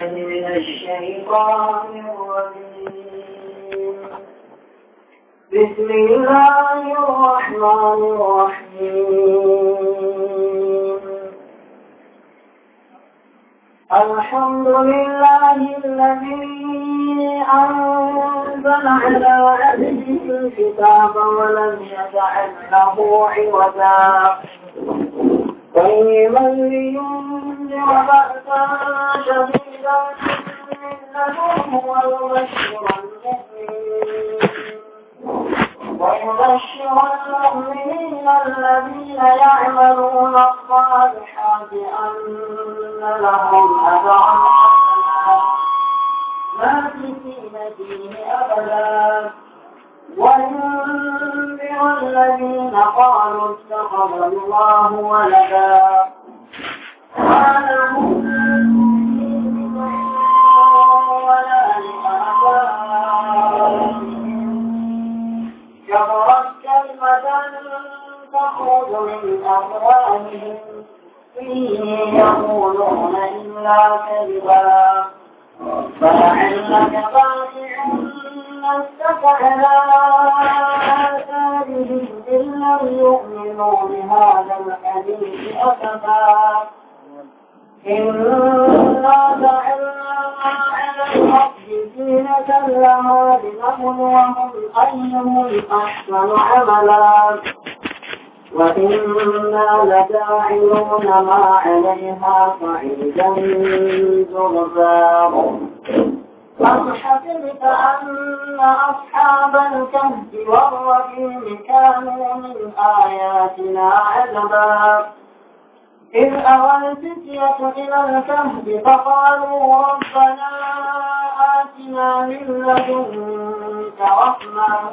من الشيطان الرجيم بسم الله الرحمن الرحيم الحمد لله الذي أنزل على عبده الكتاب ولم يجعل له عوجا قيما لينذر بأسا شديدا إنه هو يبشر ويبشر المؤمنين الذين يعملون الصالحات أن لهم أجرا حسنا ماكثين فيه أبدا وينذر الذين قالوا اتخذ الله ولدا قال المؤمنون كبرت كلمة تخرج من أفواههم إن يقولون إلا كذبا فلعلك باخع نفسك على آثارهم إن لم يؤمنوا بهذا الحديث أسفا إنا جعلنا على الأرض زينة لها لنبلوهم أيهم أحسن عملا وإنا لجاعلون ما عليها صعيدا جرزا فاحسب كأن أصحاب الكهف والرحيم كانوا من آياتنا عذبا إذ أوى الفتية إلى الكهف فقالوا ربنا آتنا من لدنك رحمة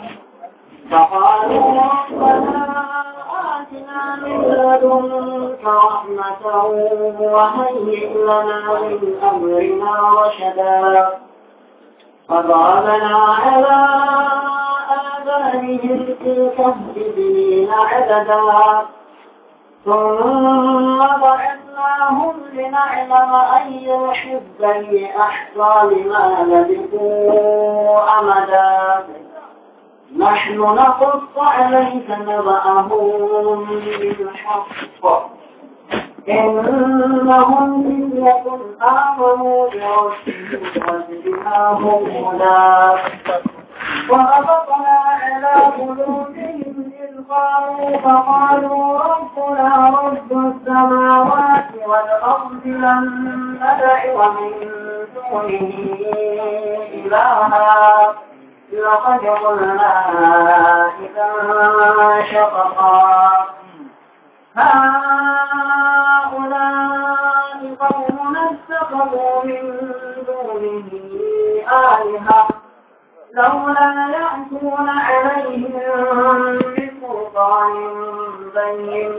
فقالوا ربنا آتنا من لدنك رحمة وهيئ لنا من أمرنا رشدا فضربنا على آذانهم في الكهف سنين عددا ثم بعثناهم لنعلم أي الحزبين أحصى لما لبثوا أمدا نحن نقص عليك نبأهم بالحق إنهم فتية آمنوا بربهم وزدناهم هدى وربطنا على قلوبهم إذ فقالوا ربنا رب السماوات والأرض لن ندعو من دونه إلها لقد قلنا إذا شططا هؤلاء قومنا اتخذوا من دونه آلهة لولا يأتون عليهم بسلطان بين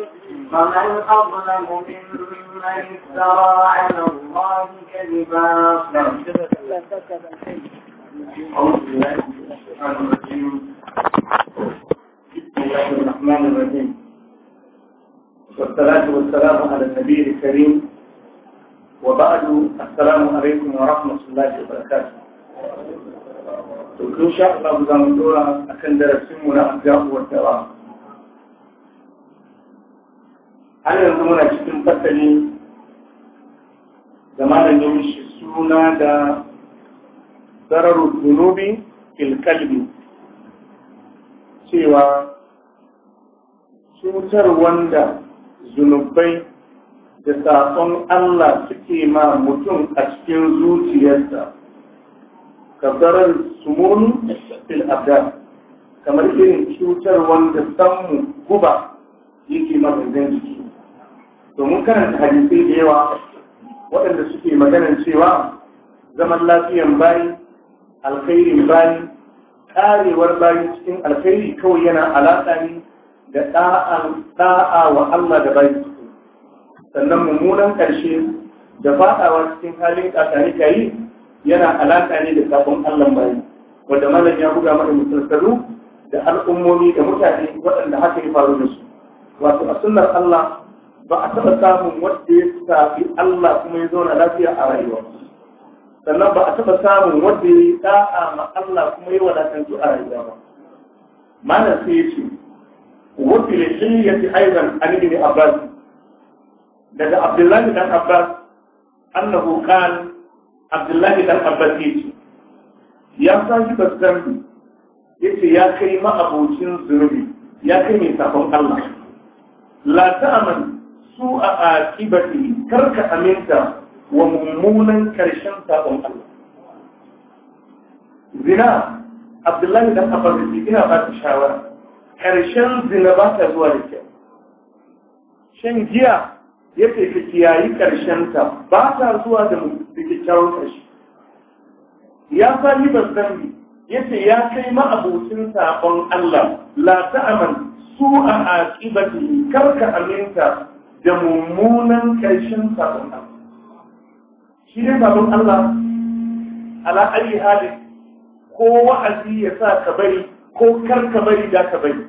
فمن أظلم ممن افترى على الله كذبا بسم الله الرحمن الرحيم والصلاة والسلام على النبي الكريم وبعد السلام عليكم ورحمة الله وبركاته to in sha Allah za mu dora akan darasin mu na abubuwan da ba har yanzu muna cikin fasali da malamin shi suna da zararu zunubi fil kalbi cewa cutar wanda zunubai da saƙon Allah suke ma mutum a cikin zuciyarsa kasarar sumun fil abdan kamar irin cutar wanda samu guba yake maganin jiki to mun karanta hadisai da yawa waɗanda suke maganar cewa zaman lafiyan bayi alkhairin bayi karewar bayi cikin alkhairi kawai yana alaƙa ne da ɗa'a wa Allah da bayi sannan mummunan ƙarshe da faɗawa cikin halin ƙasani kayi yana alaƙa ne da sabon Allah bayi wanda malam ya buga mana misalsalu da al'ummomi da mutane waɗanda haka ya faru da su wato a sunnar Allah ba a taɓa samun wanda ya tafi Allah kuma ya zauna lafiya a rayuwa sannan ba a taɓa samun wanda ya yi ma Allah kuma ya wadatantu a rayuwa ba malam sai ya ce wafi da shiyyati aizan an ibn Abbas daga Abdullahi dan Abbas annahu qala abdullahi dan abbas ya ce ya sashi baskan ya ce ya kai ma'abocin zunubi ya kai mai sabon allah la ta'aman su a akibati karka aminta wa mummunan karshen sabon allah zina abdullahi dan abbas ya ina ba ta shawara karshen zina ba ta zuwa da kyau shan giya ya ce ka kiyayi karshen ta ba ta zuwa da mutum kyakkyawan shi ya sami basarri ya ce ya kai ma'abocin sabon Allah la ta'aman su a aƙibati karka aminta da mummunan ƙarshen sabon Allah shi ne sabon Allah ala ayi halin ko wa'azi ya sa ka bari ko kar ka bari da ka bari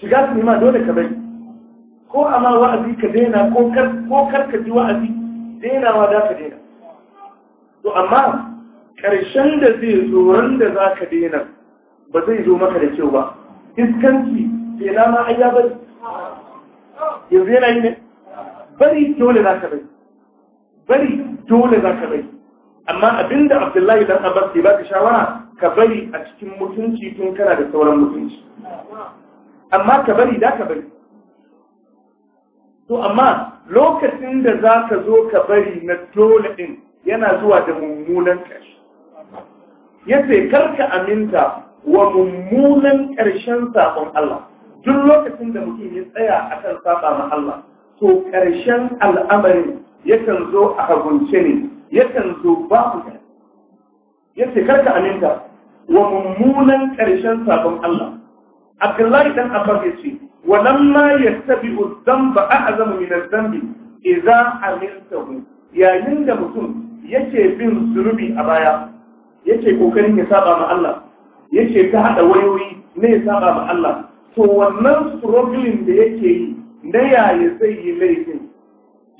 shiga su nema dole ka bari ko amma wa'azi ka daina ko kar ka ji wa'azi dainawa da ka daina to amma ƙarshen da zai zo da za ka dena ba zai zo maka da kyau ba iskanci sai na ma ai ya bari yanzu yana yi ne bari dole za ka bari bari dole za ka bari amma abinda abdullahi dan abbas ke baka shawara ka bari a cikin mutunci tun kana da sauran mutunci amma ka bari da ka bari to amma lokacin da za ka zo ka bari na dole din yana zuwa da mummunan ƙarshe yace karka aminta wa mummunan ƙarshen sabon Allah duk lokacin da mutum ya tsaya akan saba ma Allah to ƙarshen al'amarin yakan zo a hagunce ne yakan zo da. ya yace karka aminta wa mummunan ƙarshen sabon Allah Abdullahi dan Abbas yace walamma yattabi'u dhanba a'zamu min adh-dhanbi aminta amiltahu yayin da mutum yake bin zunubi a baya yake kokarin ya saba ma Allah yake ta hada wayoyi ne ya saba ma Allah to wannan struggling da yake yi na yaya zai yi laifin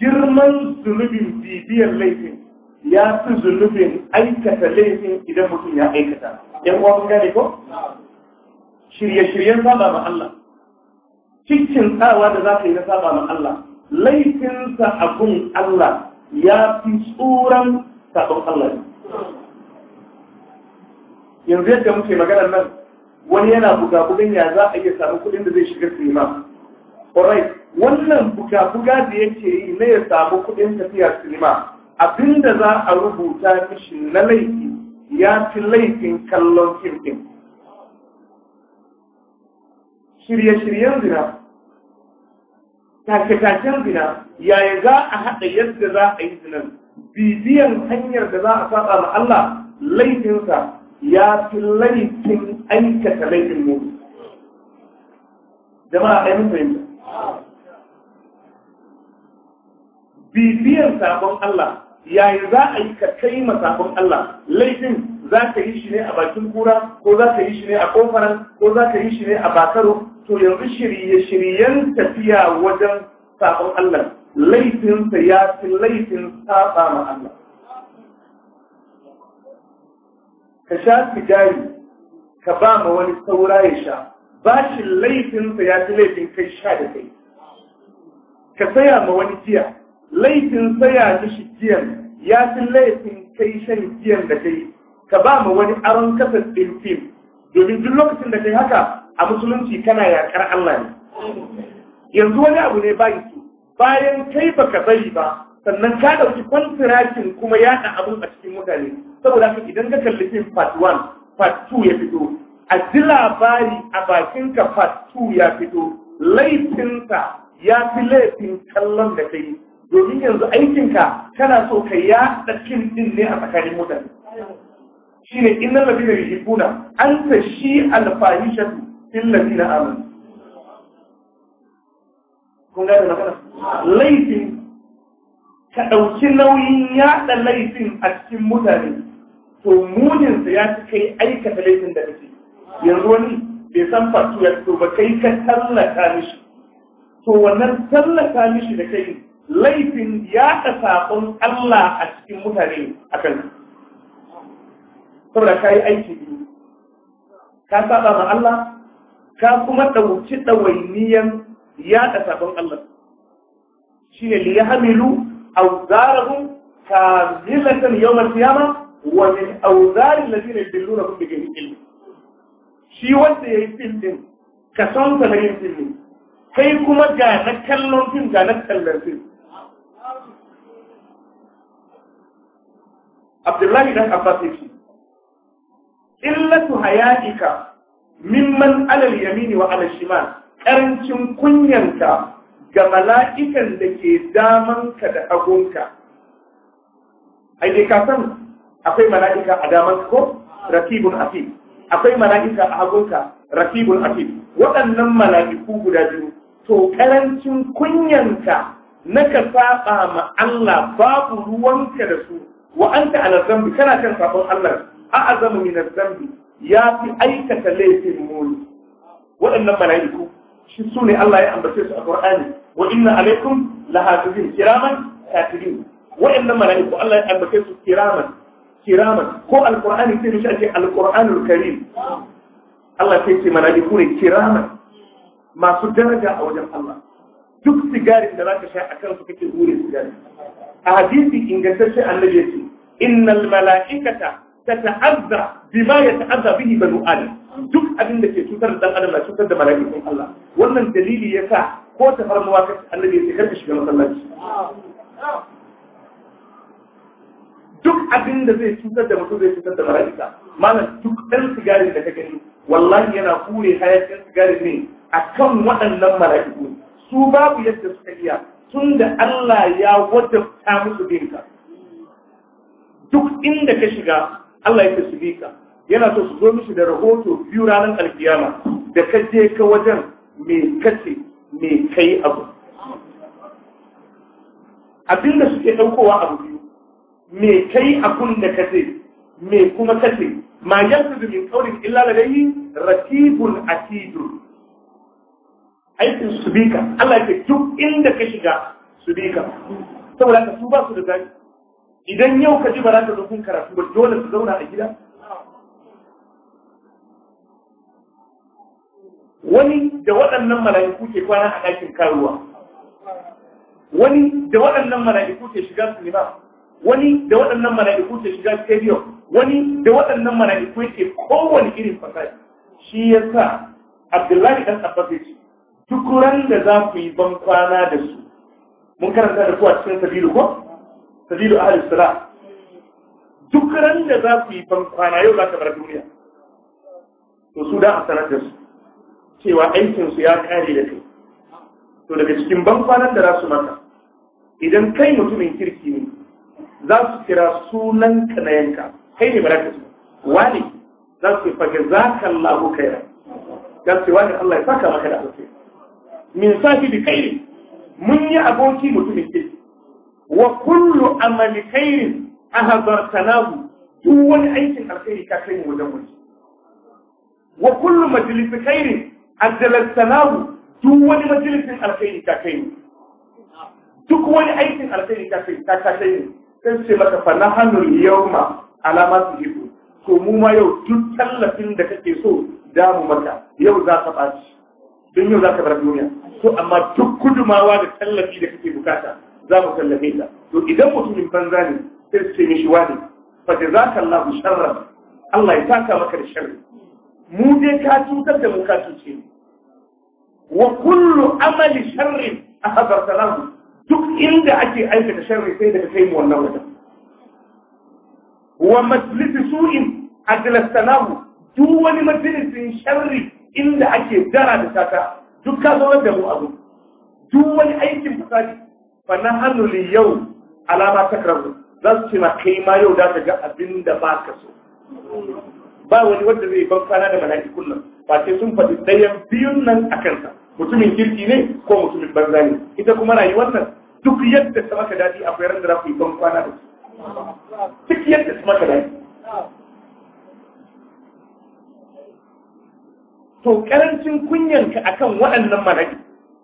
girman zunubin bibiyar laifin ya fi zunubin aikata laifin idan mutum ya aikata yan uwa mun gane ko shirye-shiryen saba ma Allah cikin tsawa da za ka yi na saba ma Allah laifinsa abun Allah ya fi tsoron sabon Allah ne yanzu yadda muke maganar nan wani yana buga-bugan ya za a iya samu kuɗin da zai shiga sinima alright wannan buga-buga da yake yi na ya samu kuɗin tafiya sinima abinda za a rubuta mishi na laifi ya fi laifin kallon fim ɗin shirye-shiryen zina take kaken zina yaya za a haɗa yadda za a yi zinan bibiyan hanyar da za a saba ma Allah laifinsa ya fi laifin aikata laifin mu jama'a ɗaya mun fahimta bibiyan sabon Allah yayin za a yi ka kai ma sabon Allah laifin za ka yi shi ne a bakin kura ko za ka yi shi ne a ƙofaran ko za ka yi shi ne a bakaro to yanzu shirye-shiryen tafiya wajen saƙon Allah laifinsa ya fi laifin saɓa ma Allah. Ka sha sigari, ka ba ma wani saura ya sha, ba shi laifinsa ya fi laifin kai sha da kai. Ka saya ma wani jiya laifin saya mishi giyan ya fi laifin kai shan giyan da kai, ka ba ma wani aron kasar ɗin fim, domin duk lokacin da kai haka a musulunci kana yakar Allah ne yanzu wani abu ne ba su bayan kai baka bari ba sannan ka ɗauki kwantirakin kuma yaɗa abun a cikin mutane saboda ka idan ka kalli fim part 1 part 2 ya fito a ji labari a bakinka part 2 ya fito laifinsa ya fi laifin kallon da kai domin yanzu aikinka kana so ka yaɗa kin ɗin ne a tsakanin mutane shine inna ladina yuhibbuna an tashi al fahishatu illafi na amin laifin ka ɗauki nauyin yaɗa laifin a cikin mutane to muninsa ya fi kai aikata laifin da kake yanzu wani bai san fatu ya to ba kai ka tallata mishi to wannan tallata mishi da kai laifin yaɗa sabon Allah a cikin mutane a kanka saboda ka yi aiki biyu ka saba ma Allah ka kuma ɗauki ɗawainiyan yaɗa sabon Allah shi ne liya hamilu auzarahum kamilatan yawmal qiyama wa min auzari alladhina yudillunahum kuma ghayri ilmi shi wanda ya yi fim ɗin, ka san sa na yin fim din kai kuma ga na kallon fim ga na kallon fim Abdullahi dan Abbas yake illatu hayatika mimman alal yamini wa alal shimal karancin kunyanka ga mala'ikan da ke damanka da hagunka ai ka san akwai mala'ika a damanka ko rakibun afif akwai mala'ika a hagunka rakibun afif waɗannan mala'iku guda biyu to karancin kunyanka na ka saba ma Allah babu ruwanka da su wa’anta anta zambi kana kan sabon Allah a azamu min zambi ya fi aikata laifin mulu waɗannan mala'iku shi su ne Allah ya ambace su a Qur'ani wa inna alaikum lahafizin kiraman katibin waɗannan mala'iku Allah ya ambace su kiraman kiraman ko alqur'ani sai mishi ake alqur'anul karim Allah sai ce mala'iku ne kiraman masu daraja a wajen Allah duk sigarin da zaka sha a su kake hure sigari a hadisi ingantacce annabi yace innal mala'ikata tata'azza bima yata'azza bihi banu adam duk abin da ke cutar da dan adam na cutar da mala'ikun Allah wannan dalili yasa ko ta farmawa ka annabi ya ce kar ka shiga masallaci duk abin da zai cutar da mutum zai cutar da mala'ika malam duk ɗan sigarin da ka gani wallahi yana kure hayakin sigarin ne akan waɗannan mala'iku su babu yadda suka iya tun da Allah ya wadda ta musu dinka duk inda ka shiga Allah yake su bika, yana so su zo mishi da rahoto biyu ranar alkiyama da ka je ka wajen me kace me kai abu Abinda suke ɗaukowa abu biyu me kai abun da kace me kuma kace ma yanzu min qawlin illa ladayhi ratibun atidun aikin su bika. Allah ya yake duk inda ka shiga su bika. saboda ka su ba su da zaki idan yau ka ji ba za ka zo kun karatu ba dole su zauna a gida wani da waɗannan mala'iku ke kwana a ɗakin karuwa wani da waɗannan mala'iku ke shiga sinima wani da waɗannan mala'iku ke shiga stadium wani da waɗannan mala'iku ke kowane irin fasadi shi ya sa abdullahi ɗan abbas ya ce duk ran da za ku yi ban kwana da su mun karanta da ku a cikin sabilu ko sabilu ahli sala, duk ran da za ku yi ban kwana yau za ka bar duniya to su da a sanar da su cewa aikin su ya kare da kai to daga cikin ban kwanan da za su maka idan kai mutumin kirki ne za su kira sunan ka na yanka kai ne baraka su wani za su fage za ka kai kaira za su wani Allah ya saka maka da alkhairi min safi bi kai mun yi aboki mutumin kirki wa kullu amali khairin ahdartanahu duk wani aikin alkhairi ka kai wajen mu wa kullu majlis khairin ajjaltanahu duk wani majalisin alkhairi ka kai mu duk wani aikin alkhairi ka kai ka kai mu sai ce maka fa nahanu yawma alama su hibu to mu ma yau duk tallafin da kake so da mu maka yau za ka ɓaci, don yau za ka bar duniya to amma duk kudumawa da tallafi da kake bukata za mu tallafe ta to idan mutumin banza ne sai su ce mishi wani fa jazaka Allahu sharran Allah ya taka maka da sharri mu dai ka cutar da mu ka mu wa kullu amali sharri ahbarta lahu duk inda ake aikata sharri sai daga kai mu wannan wajen wa majlis su'in ajlastanahu duk wani majalisin sharri inda ake dara da tata duk ka zaunar da mu abu duk wani aikin fasadi na hannu li yau alama ta karbu za su ce ma kai ma yau za ka ga abin da ba ka so ba wani wanda zai ban kwana da mala'ikun nan ba ce sun faɗi ɗayan biyun nan a kansa mutumin kirki ne ko mutumin banza ne ita kuma rayuwar nan duk yadda ta maka daɗi akwai ran da za ku yi ban kwana da su duk yadda ta maka daɗi to karancin kunyanka akan waɗannan malaki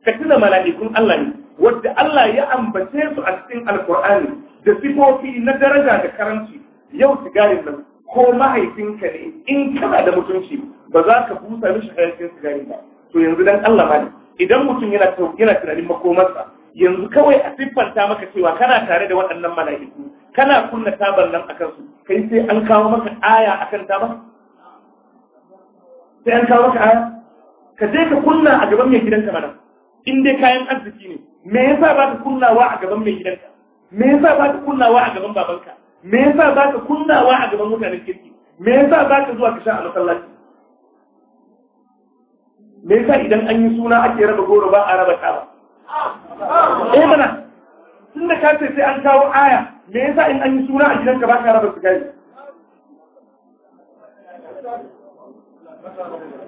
ka tuna mala'ikun Allah ne wadda Allah ya ambace su a cikin alkur'ani da sifofi na daraja da karanci yau sigarin nan ko mahaifinka ne in kana da mutunci ba za ka busa mishi hayakin sigarin ba to yanzu dan Allah ma ne idan mutum yana yana tunanin makomarsa yanzu kawai a siffanta maka cewa kana tare da waɗannan mala'iku kana kunna tabar nan akan su kai sai an kawo maka aya akan tabar sai an kawo maka aya ka je ka kunna a gaban mai gidanka mana in dai kayan arziki ne me yasa ba ka kunnawa a gaban mai gidanka me yasa ba ka kunnawa a gaban babanka me yasa ba ka kunnawa a gaban mutanen kirki me yasa ba ka zuwa ka sha a masallaci me yasa idan an yi suna ake raba goro ba a raba ba eh mana tun da ka ce sai an kawo aya me yasa in an yi suna a gidanka ba ka raba sigari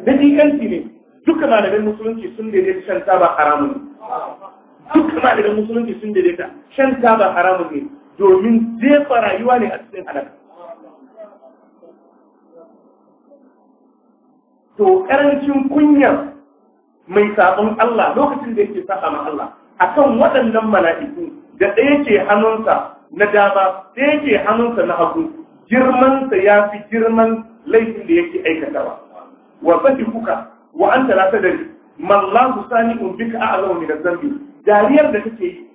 da ne duka malamin musulunci sun daidai shan taba haramun duk daga musulunci sun daidaita shan taba haramun ne domin jefa rayuwa ne a cikin halaka to karancin kunya mai sabon Allah lokacin da yake saba ma Allah kan waɗannan mala'iku da ɗaya ke hannunsa na dama ɗaya ke hannunsa na hagu girmansa ya fi girman laifin da yake aikatawa wa kuka wa anta la tadri man la tusani bika a'lamu min da zambi, dariyar da kake yi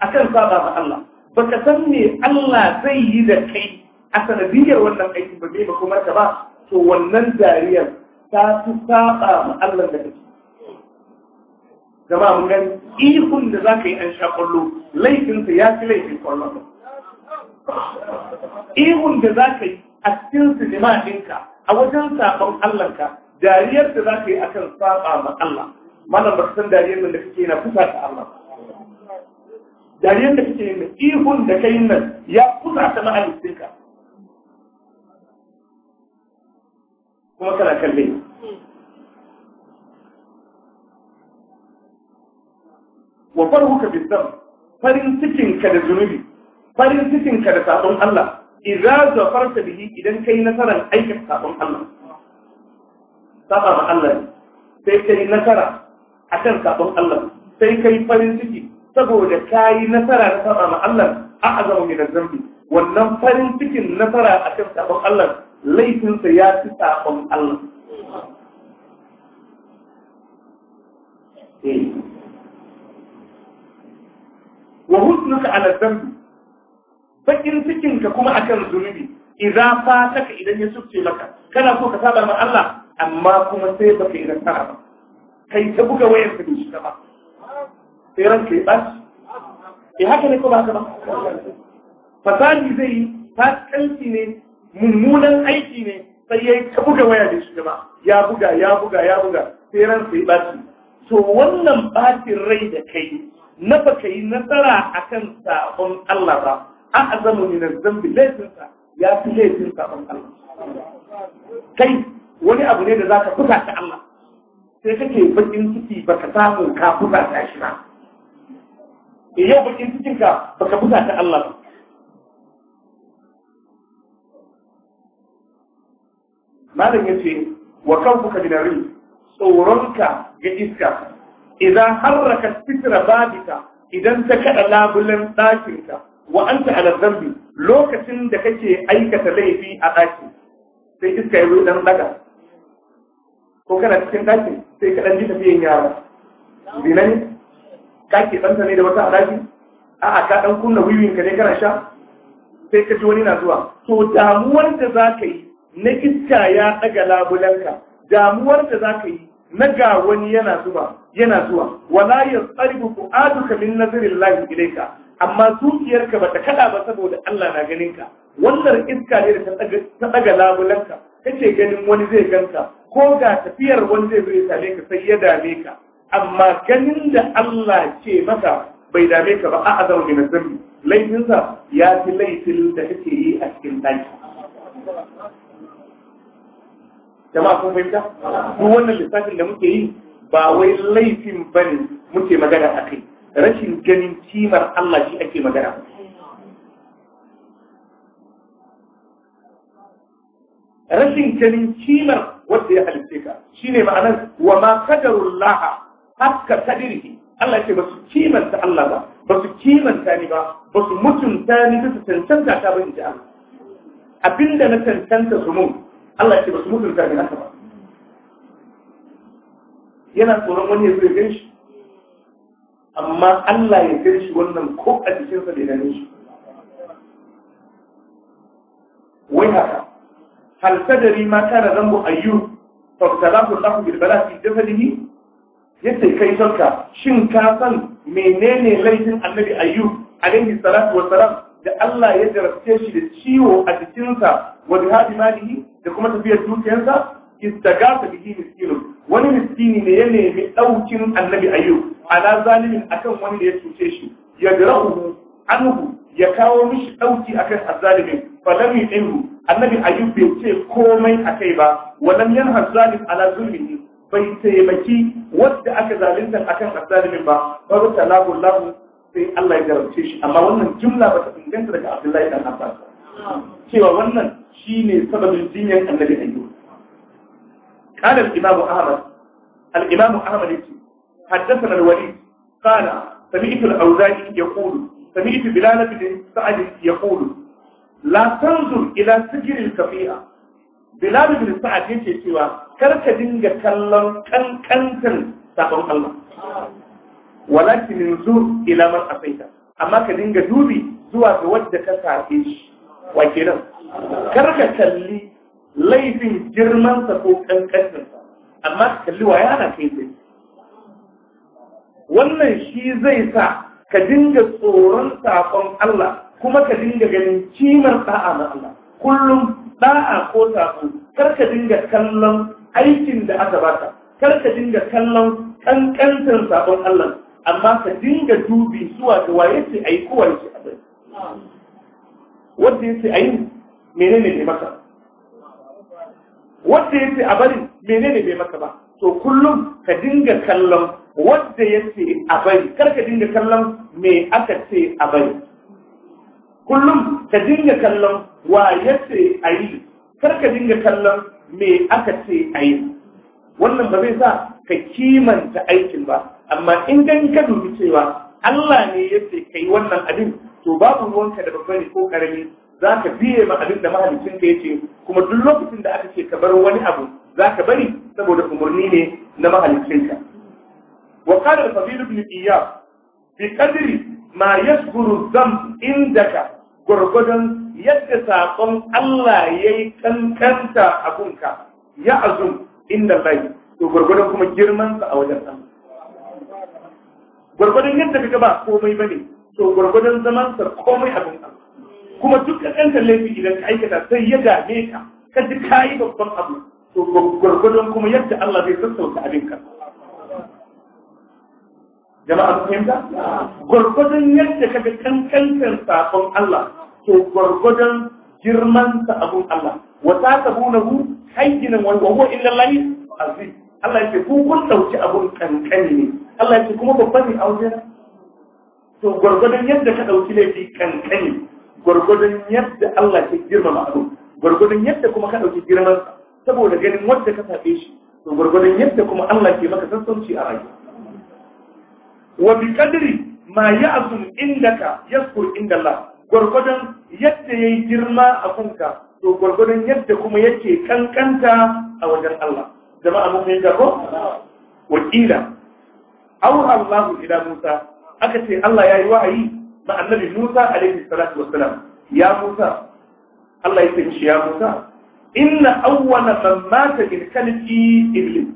akan saba ma Allah baka san me Allah zai yi da kai a sanadiyar wannan aiki ba zai ba kuma ka ba to wannan dariyar ta fi saba ma Allah da kake gama mun gani ihun da ka yi an sha kwallo laifinsa ya fi laifin kwallon ihun da ka yi a cikin sinima ɗinka a wajen saɓon Allahnka dariyar da ka yi akan saba ma Allah mana ba san dariyar nan da kake yana kusa ta Allah dariyar da kake yana ihun da kai nan ya kusa ta ma'alicinka kuma kana kalle wa farhuka bisam farin cikinka da zunubi farin cikinka da sabon Allah idza zafarta bihi idan kai nasaran aikin sabon Allah saba ma Allah sai kai nasara akan sabon Allah sai kai farin ciki saboda kayi nasara na saba ma Allah a azamu min zambi wannan farin cikin nasara akan sabon Allah laifinsa ya fi sabon Allah eh. wa husnuka ala zambi bakin cikin ka kuma akan zunubi idza fataka idan ya sufce maka kana so ka saba ma Allah amma kuma sai baka yi nasara ba kai ta buga wayar ka shi ba sai ranka ya ɓaci eh haka ne ko ba haka ba fasadi zai yi fasikanci ne mummunan aiki ne sai ya ta buga waya da shi gaba ya buga ya buga ya buga sai ran sai baci to wannan bacin rai da kai na ka yi nasara akan sabon Allah ba a azamu min zambi laifinsa ya fi laifin sabon Allah kai wani abu ne da za ka fuka ta Allah sai kake bakin ciki baka samu ka buga ta shi ba eh, yau bakin cikin ka baka buga ta Allah ba malam yace wa kawfuka min ar tsoronka ga iska idan harraka sitra babika idan ta kada labulen ɗakinka wa an ta ala lokacin da kake aikata laifi a ɗaki sai iska ya dan daga ko kana cikin ɗakin sai ka ɗan ji tafiyan yara bi ne ka ke ɗanta ne da wata alaƙi a'a ka ɗan kunna wiwin ka ne kana sha sai ka ji wani na zuwa to damuwar da za ka yi na iska ya ɗaga labulanka damuwar da za ka yi na ga wani yana zuwa yana zuwa wala ya tsaribu aduka min nazirin lahi ilaika amma zuciyarka bata kaɗa ba saboda Allah na ganinka. wannan iska ne da ta ɗaga labulanka kace ganin wani zai ganta ko ga tafiyar wani zai zo same ka sai ya dame ka amma ganin da Allah ce maka bai dame ka ba a azama mai nasabi laifinsa ya fi laifin da kake yi a cikin ɗaki jama'a kun fahimta duk wannan lissafin da muke yi ba wai laifin ba ne muke magana a kai rashin ganin kimar Allah shi ake magana rashin ganin kimar wanda ya halitte ka shi ne ma'anar wa ma qadarullah hakka qadirihi Allah ce ba su kimanta Allah ba ba su kimanta ni ba ba su mutunta ni da su cancanta ta ba in Allah abinda na cancanta su mun Allah ce ba su mutunta ni haka ba yana tsoron wani ya zo ya shi amma Allah ya gan shi wannan ko a jikinsa bai ganin shi wai haka hal tadri ma kana zambu ayyub fa salahu lahu bil bala fi jasadihi yace kai sarka shin ka san menene laifin annabi ayyub alaihi salatu wa salam da Allah ya jarabce shi da ciwo a jikinsa wa jihadi malihi da kuma tafiyar dukiyarsa istagasa bihi miskinun wani miskini ne ya nemi ɗaukin annabi ayyub ala zalimin akan wani ya cuce shi ya anhu ya kawo mishi ɗauki akan azzalimin falam yu'inhu annabi ayyub bai ce komai a kai ba walam yan zalim ala zulmihi bai taimaki wanda aka zalunta akan azalimin ba fa talahu lahu sai Allah ya garabce shi amma wannan jumla ba ta inganta daga Abdullahi dan Abbas cewa wannan shine sababin jinyar annabi ayyub قال الإمام أحمد الإمام أحمد حدثنا الوليد قال سمعت الأوزاعي يقول سمعت بلال بن سعد يقول la tanzur ila sigirin kafi'a bilal bin sa'ad yake cewa kar ka dinga kallon kankantan sabon Allah walakin zur ila man asaita amma ka dinga dubi zuwa ga wadda ka safe shi wa kenan kar ka kalli laifin girmansa ko kankantinsa amma ka kalli wa yana kai zai wannan shi zai sa ka dinga tsoron saƙon Allah kuma ka dinga ganin kimar da'a na Allah kullum da'a ko sabo kar ka dinga kallon aikin da aka baka kar ka dinga kallon kankantar sabon Allah amma ka dinga dubi zuwa ga waye ce ayi ko waye ce abai wanda yace ayi menene bai maka wanda yace a bari menene bai maka ba to kullum ka dinga kallon wanda yace a bari kar ka dinga kallon me aka ce a bari kullum ka dinga kallon wa ya ce a yi kar ka dinga kallon me aka ce a yi wannan ba zai sa ka kimanta aikin ba amma in gani ka dubi cewa Allah ne ya ce yi wannan abin to babu ruwanka da babbani ko karami za ka biye ma abin da mahalicin ka yace kuma duk lokacin da aka ce ka bar wani abu za ka bari saboda umarni ne na mahalicin ka wa qala al-fadil ibn iyab bi qadri ma yasghuru dhanb indaka gwargwadon yadda saƙon Allah ya yi kankanta abunka ya azu inda lai to gwargwadon kuma girmansa a wajen sa. Gwargwadon yadda ka ba komai ba ne, to gwargwadon zamansa komai abin sa Kuma duk kanta laifi idan ka aikata sai ya dame ka, ka ji ka yi babban abu, to gwargwadon kuma yadda Allah zai sassauta ka. Jama'a fahimta? Gwargwadon yadda kaga kankantar saƙon Allah to gwargwadon girman sa abun Allah wa tasabunahu hayyinan wa huwa illa Allah azim Allah yake ku kun dauki abun kankani ne Allah yake kuma babban ne auje to gwargwadon yadda ka dauki laifi kankani gwargwadon yadda Allah ke girmama abun gwargwadon yadda kuma ka dauki girman sa saboda ganin wanda ka sabe shi to gwargwadon yadda kuma Allah ke maka sassauci a rayuwa wa bi qadri ma ya'zum indaka yaskur inda Allah gwargwadon yadda ya yi girma a kanka, to gwargwadon yadda kuma yake kankanta a wajen Allah jama'a mun fahimta ko wakila aw Allah ila Musa aka ce Allah ya yi wa'ayi ma annabi Musa alaihi salatu wassalam ya Musa Allah ya ce ya Musa inna awwala man mata min kalbi iblis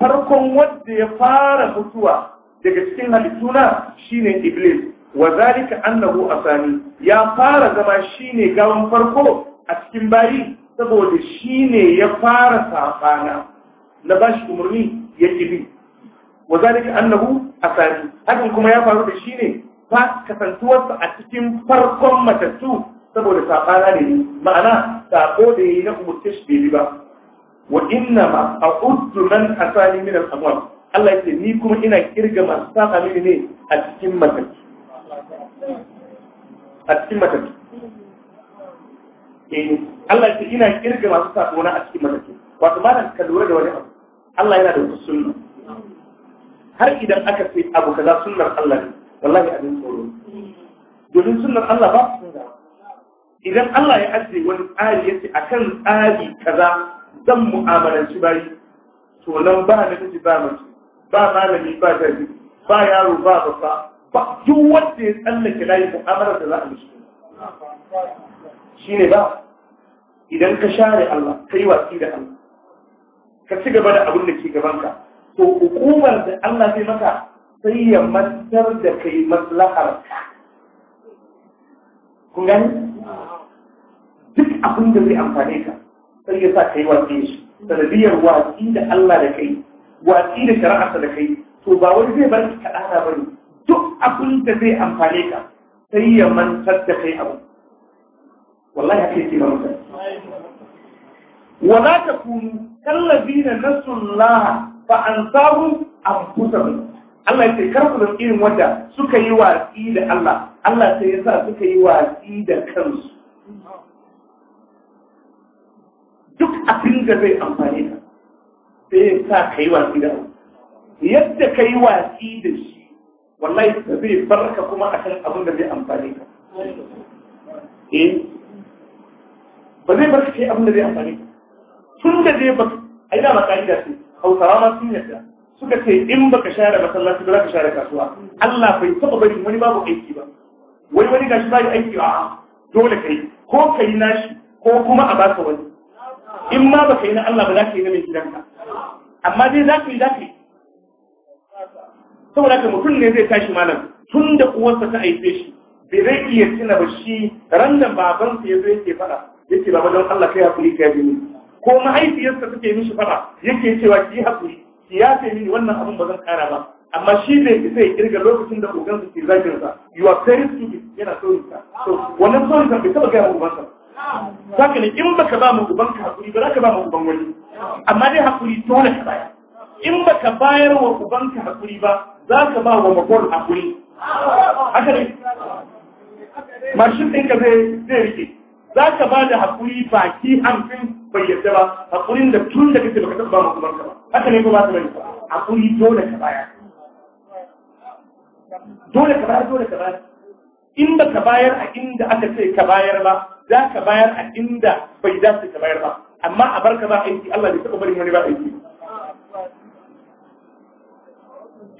farkon wanda ya fara mutuwa daga cikin halittuna shine iblis wa zalika annahu asani ya fara zama shine gawan farko a cikin bayi saboda shine ya fara safana na bashi umarni ya kibi wa zalika annahu asani hakan kuma ya faru da shine fa kasantuwarsa a cikin farkon matattu saboda safana ne ma'ana sabo da yayi na umurce shi bai ba wa inna ma a man asani min al-amwal Allah ya ce ni kuma ina kirga masu saba mini ne a cikin matattu a cikin matattu eh Allah ya ce ina kirga masu sako na a cikin matattu wato malam ka lura da wani abu Allah yana da wasu sunna har idan aka ce abu kaza sunnar Allah ne wallahi abin tsoro domin sunnar Allah ba su idan Allah ya ajiye wani tsari ya ce akan tsari kaza zan mu'amalanci bayi to nan ba na miji ba mace ba malami ba jari ba yaro ba babba ba duk wanda ya tsallake layi mu'amalar da za a mishi shine ba idan ka share Allah kai watsi da Allah ka ci gaba da abin da ke gabanka to hukumar da Allah zai maka sai ya matar da kai maslahar ka kun gani duk abin da zai amfane ka sai ya sa kai watsi shi sanadiyar watsi da Allah da kai watsi da shari'arsa da kai to ba wani zai bar ki kaɗana ba ne abin da zai amfane ka sai ya mantar da kai abu wallahi haka yake ba mutane wala ta kunu kallabina nasullaha fa ansahu anfusahum Allah ya ce kar ku irin wanda suka yi watsi da Allah Allah sai ya sa suka yi watsi da kansu duk abin da zai amfane ka sai ya sa ka yi watsi da yadda ka yi watsi da shi wallahi ba zai barka kuma a kan abin da zai amfani ka eh ba zai barka kai abin da zai amfani ka tun da zai baka a ina makari da su hausawa ma sun yadda suka ce in baka share masallaci ba za ka share kasuwa Allah bai taɓa bari wani babu aiki ba wani wani gashi ba aiki a dole kai ko kai nashi ko kuma a baka wani in ma baka yi na Allah ba za ka yi na mai gidanka amma dai za ka yi za ka yi saboda haka mutum ne zai tashi malam tun da uwarsa ta haife shi bai zai iya tuna ba shi ran da babansa ya zo yake fada yake baba don Allah kai hakuri kai bi ni ko mahaifiyarsa take mishi fada yake cewa ki hakuri ki yafe mini wannan abun ba zan kara ba amma shi ne sai kirga lokacin da ugansa ke zagin sa you are very stupid yana yin sa so wannan yin sa bai taba gaya wa ubansa saka ne in baka ba mu ubanka hakuri ba za ka ba mu uban wani amma dai hakuri dole ka baya. in baka bayar wa ubanka hakuri ba za ka ba wa makon hakuri haka ne mashin ɗinka zai rike za ka ba da hakuri baki hamsin bai yadda ba hakurin da tun da kake baka taɓa makumar ka ba haka ne ko ba ta bane hakuri dole ka bayar dole ka bayar dole ka bayar in ba ka bayar a inda aka ce ka bayar ba za ka bayar a inda bai dace ka bayar ba amma a barka ba aiki Allah bai taɓa barin wani ba aiki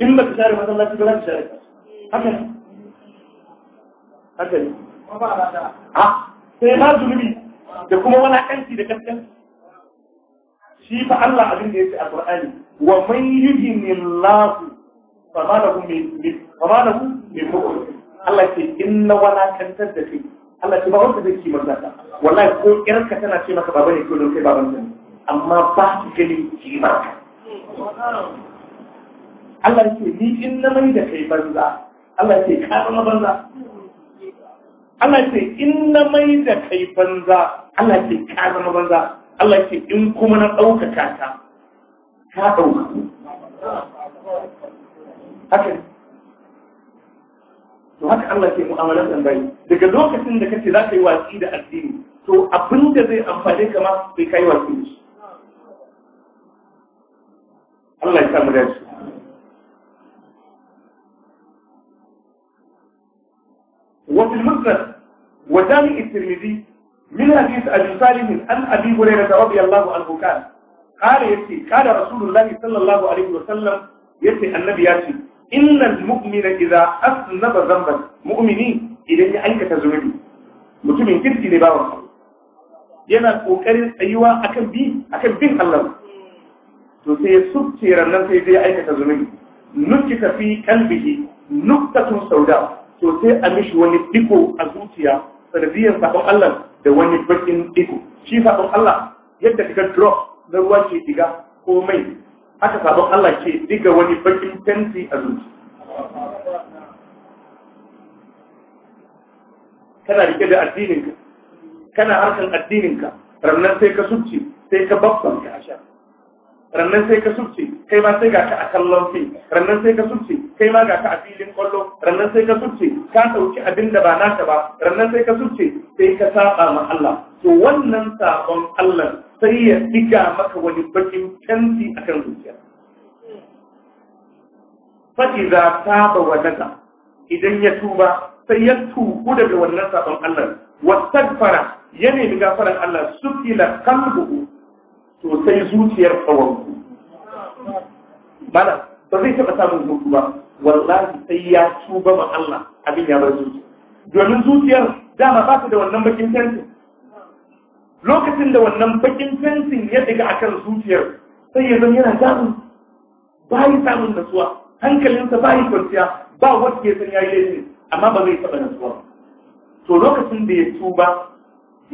in ba ka share masallaci ba za ka share haka ne haka ne a ah, sai ma zunubi da kuma wani walakanci da kaskanci shi fa Allah abin da ya yake a Qur'ani wa man yuhini Allah fa ma lahu min fa ma lahu min mukrim Allah ce inna walakantar da kai Allah ce ba wanda zai ci manzo ka wallahi ko irka tana ce maka baba ne ko don kai baban ne amma ba ki gani kima Allah ce ni in na mai da kai banza Allah ce ka zama banza Allah ce in na mai da kai banza Allah ce ka zama banza Allah ce in kuma na ɗaukaka ta ka ɗauka haka to haka Allah ke mu'amalar dan bai daga lokacin da kace za ka yi watsi da addini to abin da zai amfane ka ma bai kai watsi da shi Allah ya samu dace وفي المسند وجامع الترمذي من حديث أبي سالم عن أبي هريرة رضي الله عنه قال قال يتي قال رسول الله صلى الله عليه وسلم يتي النبي ياتي إن المؤمن إذا أذنب ذنبا مؤمني idan ya aikata zunubi mutumin kirki ne bawan sa yana kokarin tsayuwa akan bi akan bin Allah to sai ya subce rannan sai ya aikata zunubi nukita fi kalbihi nuqtatun sauda to sai a mishi wani iko a zuciya sanadiyar sabon Allah da wani bakin iko, shi sabon Allah yadda kaga drop na ruwa ke diga ko mai haka sabon Allah ke diga wani bakin fenti a zuci kana rike da addininka kana harkan addininka rannan sai ka subci sai ka babban ka a sha rannan sai ka sufce kai ma sai ga ka a kallon fim rannan sai ka sufce kai ma ga ka a filin kwallo rannan sai ka sufce ka ɗauki abin da ba naka ba rannan sai ka sufce sai ka saba ma Allah to wannan sabon Allah sai ya diga maka wani bakin canji akan zuciya fa idza saba wa daga idan ya tuba sai ya tuku daga wannan sabon Allah wa tagfara ya nemi gafaran Allah sufila kalbuhu Sosai zuciyar tsawon mana ba zai taɓa samun hutu ba wallahi sai ya tuba ma Allah abin ya bar zuciya domin zuciyar dama ba su da wannan bakin fensin lokacin da wannan bakin fensin ya daga akan zuciyar sai ya zama yana samun bayi samun nasuwa hankalinsa bayi kwanciya ba wanda ya san ya yi amma ba zai taɓa nasuwa to lokacin da ya tuba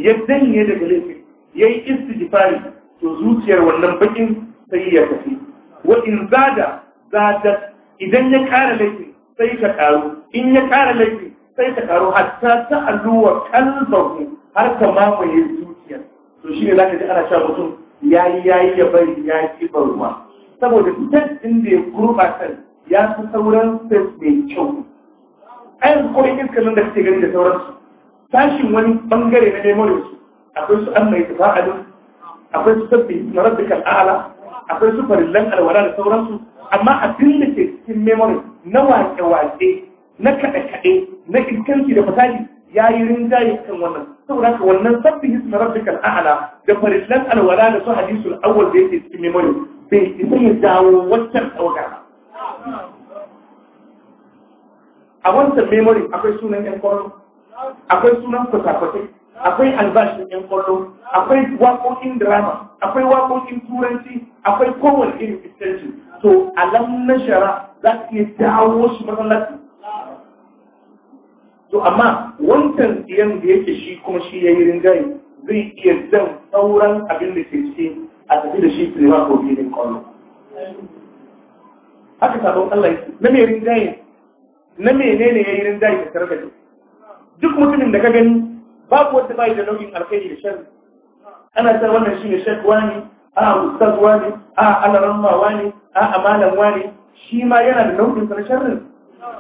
ya danye daga laifin ya yi istijifari to zuciyar wannan bakin sai ya tafi wa in zada zada idan ya kara laifi sai ka karu in ya kara laifi sai ka karu hatta ta alluwa kalbahu har ka mamaye zuciyar to shine zaka ji ana cewa mutum yayi yayi ya bari ya ki barwa saboda fitar din da ya gurbata ya fi sauran space mai kyau ayan kuma iskar nan da kake gani da sauransu tashin wani bangare na su akwai su an mai tafa'alin akwai su sabbi na rabbi kal'ala akwai su farillan alwala da sauransu amma a da ke cikin memory na wake-wake na kaɗe-kaɗe na kirkanci da fasali ya yi rinjaye kan wannan saboda ka wannan sabbi na rabbi kal'ala da farillan alwala da su hadisul awwal da yake cikin memory bai isa ya dawo waccan tsawaga a wancan memory akwai sunan yan kwaron akwai sunan kwasa-kwasai akwai albashin yan kwallo akwai waƙoƙin drama akwai waƙoƙin turanci akwai kowane irin fitancin to alam na shara za ka iya dawo shi masallaci to amma wancan iyan da yake shi kuma shi ya yi ringaye zai iya jan sauran abin da ke ciki a tafi da shi sinima ko filin kwallo haka sabon Allah na mai ringaye na menene ya yi ringaye da targaje duk mutumin da ka gani babu wanda bai da nauyin alkhairi da sharri ana ta wannan shine shek wani a ustaz wani a alaramma wani a amalan wani shi ma yana da nauyin sa na sharrin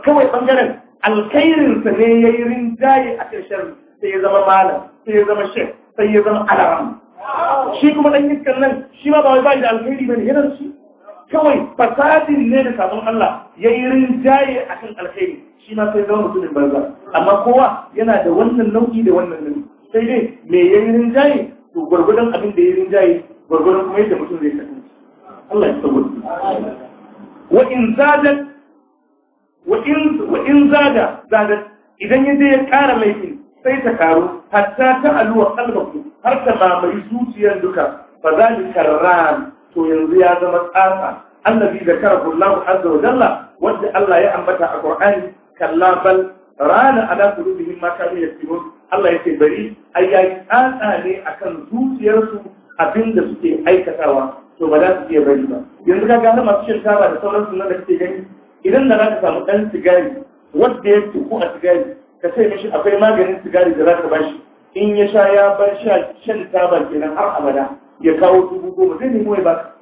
kawai bangaren alkhairin sa ne yayi rinjaye a cikin sharri sai ya zama malam sai ya zama shek sai ya zama alaram shi kuma dan yin nan shi ma ba wai bai da alkhairi bane yana shi kawai fasadin ne da sabon Allah yayi rinjaye a cikin alkhairi shi ma sai zama mutumin banza amma kowa yana da wannan nau'i da wannan nau'i sai dai me ya yi rinjaye to gwargwadon abin da ya yi rinjaye gwargwadon kuma yadda mutum zai kasance Allah ya saboda wa in zada wa in wa in zada zada idan ya je ya ƙara laifin sai ta karu hatta ta aluwa kalbaku har ta mamaye zuciyar duka fa zalika karran to yanzu ya zama tsatsa annabi da karfullahu azza wa jalla wanda Allah ya ambata a Qur'ani kalla bal rana ala qulubihim ma kanu yaktubun Allah yake bari ai ya tsatsa ne akan zuciyarsu abinda suke aikatawa to ba za su iya bari ba yanzu ka ga masu shan taba da sauran sunan da kake gani idan da za ka samu ɗan sigari wanda ya tuku a sigari ka sai mishi akwai maganin sigari da za ka bashi in ya sha ya bar sha shan taba kenan har abada ya kawo dubu goma zai nemo ya baka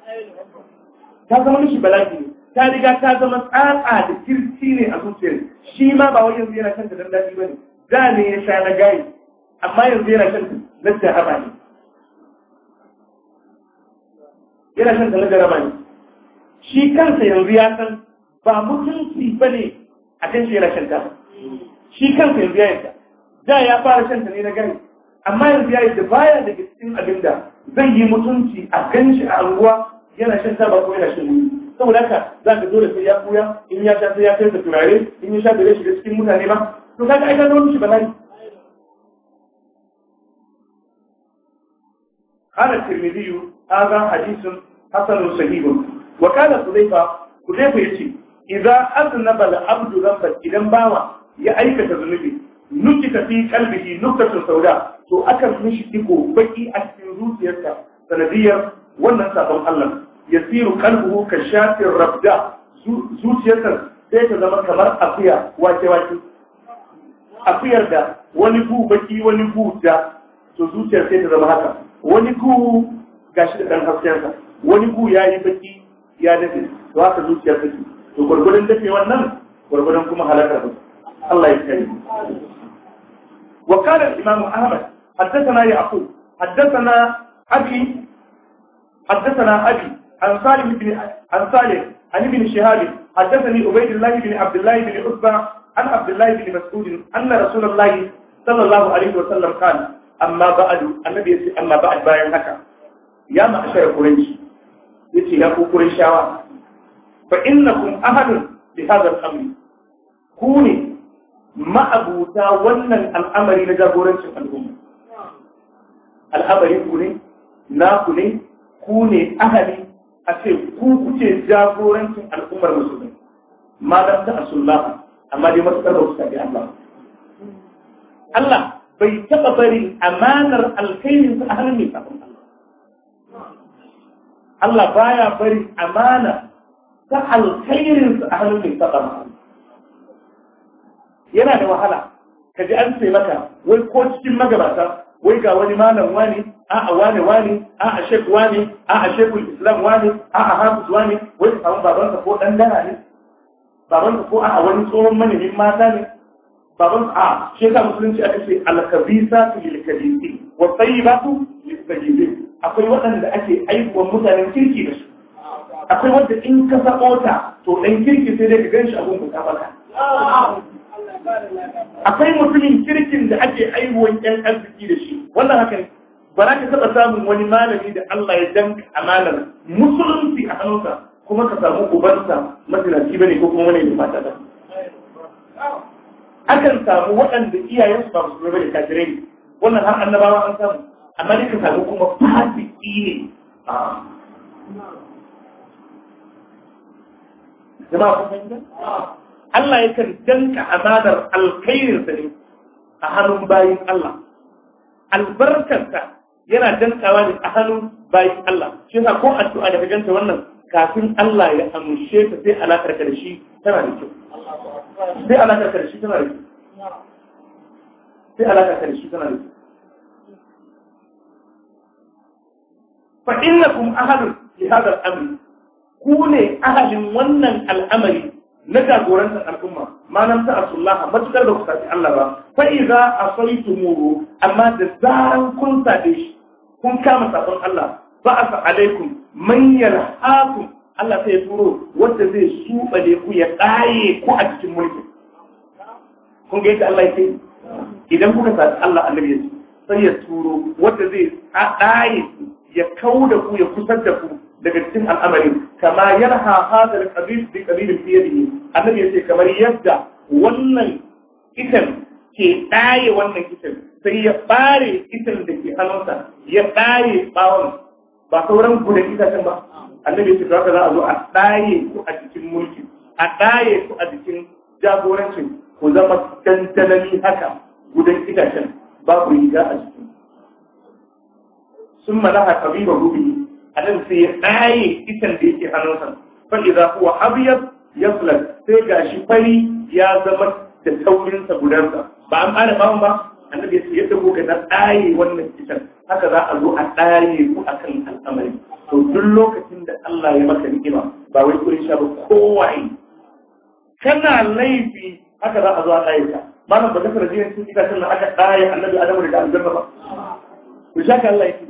ta zama mishi bala'i ta riga ta zama tsatsa da kirki ne a zuciyar shi ma ba wajen yanzu yana kan da daɗi ba ne da ne ya sha na gayi amma yanzu yana kanta na jaraba ne yana kan ta na jarama ne shi kansa yanzu ya san ba mutunci ba ne a kan shi yana shan ta shi kansa yanzu ya yanka da ya fara shan ta ne na gani amma yanzu ya yi da baya daga cikin abinda zai yi mutunci a kan shi a anguwa yana shan ta ba ko yana shan wuri saboda haka za ka dole sai ya kuya in ya sha sai ya kai turare in ya sha da da cikin mutane ba to kaga ai ka zama mishi bala'i قال الترمذي هذا حديث حسن صحيح وقال حذيفة حذيفة يتي إذا أذنب العبد ذنبا إذا باوى zunubi, ذنبه nukita fi kalbihi nukatar sauda to akan mishi diko baki a cikin zuciyarsa sanadiyar wannan sabon Allah yasiru qalbuhu ka shafin rabda zuciyarsa sai ta zama kamar afiya wace wace afiyar da wani gu baki wani gu da to zuciyar sai ta zama haka wani gu gashi da dan haskensa wani gu ya yi baki ya dafe to haka zuciyar take to gwargwadon dafe wannan gwargwadon kuma halakar ba Allah ya kare wa kana imam ahmad haddathana yaqub haddathana abi haddathana abi عن صالح بن عن صالح عن ابن شهاب حدثني عبيد الله بن عبد الله بن عتبة عن عبد الله بن مسعود أن رسول الله صلى الله عليه وسلم قال أما بعد النبي يسي أما بعد باين هكا يا معشر قريش يسي يا قريشاوا فإنكم أهل بهذا الأمر كوني ما أبوتا ونن الأمر لجابورنش الأمة الأمر يكوني ناكوني ku ne ahali a ce ku kuke jagorancin al'ummar musulmi malam ta asullah amma dai masu karbar suka bi Allah Allah bai taɓa bari amanar alkhairin a hannun mai sabon Allah Allah baya bari amana ta alkhairin a hannun mai sabon Allah yana da wahala ka ji an ce maka wai ko cikin magabata wai ga wani malam wani a'a wane wane a'a shek wane a'a shekul islam wane a'a hafiz wane wai ka samu ka ko dan dana ne ka ko a'a wani tsohon manemin mata ne baban a shi yasa musulunci aka ce al-kabisa lil kabisi wa tayyibatu lil tayyibin akwai waɗanda ake aikuwa mutanen kirki da su akwai wanda in ka sako ta to dan kirki sai dai ka ganshi abun ka baka akwai mutumin kirkin da ake aiwuwan yan arziki da shi wannan haka ne ba za ka taɓa samun wani malami da Allah ya danka amalar musulunci a hannunsa kuma ka samu ubansa masinaci ba ne ko kuma wani da fata ba. Akan samu waɗanda iyayensu ba su ba da kafirai ne, wannan har annabawa an samu, amma ne ka samu kuma fasiki ne. Jama'a kun fahimta? Allah yakan danka amalar alkhairinsa ne a hannun bayin Allah. Albarkarsa yana dantawa da a hannun bayan Allah shi yasa ko addu'a da ka ganta wannan kafin Allah ya amshe ta sai alakar ka da shi tana da kyau sai alakar da shi tana da kyau sai alakar da shi tana da kyau fa innakum ahadun li hadha al-amr ku ne ahadin wannan al'amari na jagorantar al'umma ma nan ta asullaha matukar da ku tafi Allah ba fa iza asaytumuhu amma da zaran kun tabe shi kun kama sabon Allah ba'asa alaikum manyan haku Allah sai ya turo wanda zai subale ku ya tsaye ku a cikin mulki kun ga yadda Allah yake idan kuka sa Allah annabi ya sai ya turo wanda zai tsaye ya da ku ya kusar da ku daga cikin al'amarin kama yarha hadal qabil bi qabil fi yadihi annabi ya ce kamar yadda wannan ikan ke ɗaye wannan itin sai ya ɓare itin da ke hannunsa ya ɗaye ɓawon ba sauran gudan itacen ba annabi ya ce haka za a zo a ɗaye ku a jikin mulki a ɗaye ku a jikin jagorancin ku zama dandanani haka gudan itacen yi ga a jikin sun malaha kabiba rubi annabi sai ya ɗaye itin da yake hannunsa fa idza huwa habiyat yaslak sai gashi fari ya zama da taurinsa gudansa ba an ɓare bawon ba annabi ya ce yadda kuka na tsaye wannan kitan haka za a zo a tsaye ku akan al'amari to duk lokacin da Allah ya maka ni'ima ba wai kurin sha ba kowaye kana laifi haka za a zo a tsaye ka malam ba kasar jinin sun kita sannan aka tsaye annabi adamu da aljanna ba ku sha Allah yake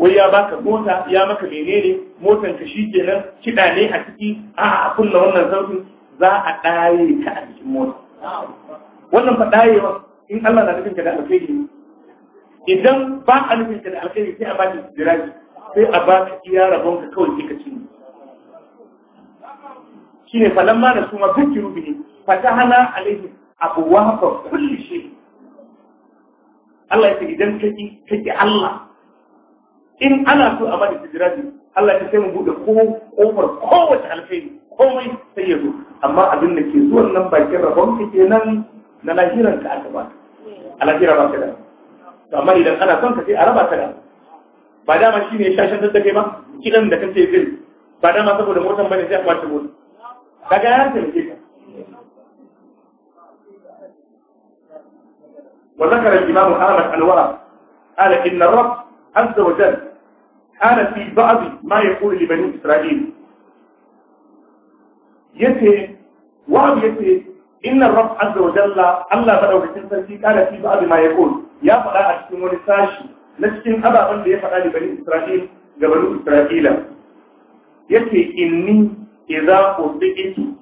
wai ya baka mota ya maka menene motan ka shi kenan kiɗa ne a ciki a a kunna wannan sautin za a tsaye ka a cikin mota wannan fa in Allah na nufin ka da alkhairi idan ba a nufin ka da alkhairi sai a ba ka jiraji sai a ba ka iya rabon ka kawai sai ka ci shine falamma da kuma zikiru bihi fatahana alaihi abwaaba kulli shi. Allah ya ce idan ka ki Allah in ana so a ba bada tijirani Allah ya sai mu bude ko kofar kowace alkhairi komai sai ya zo amma abin da ke zuwan nan bakin rabon ka kenan na lahiran ka aka ba a lahira ba ka da amma idan ana son ka sai a raba ta da ba dama shine ya shashantar da kai ba kidan da kace bil ba dama saboda motan bane sai a kwace motan kaga ya taimake ka وذكر الإمام أحمد الورع قال إن الرب عز وجل قال في بعض ما يقول لبني إسرائيل yace wa'ab yace inna rabb azza wa jalla Allah madaukakin sarki kana fi ba ma ya kun ya faɗa a cikin wani sashi na cikin ababen da ya faɗa ni bani Isra'il ga bani Isra'ila yace inni idza udikitu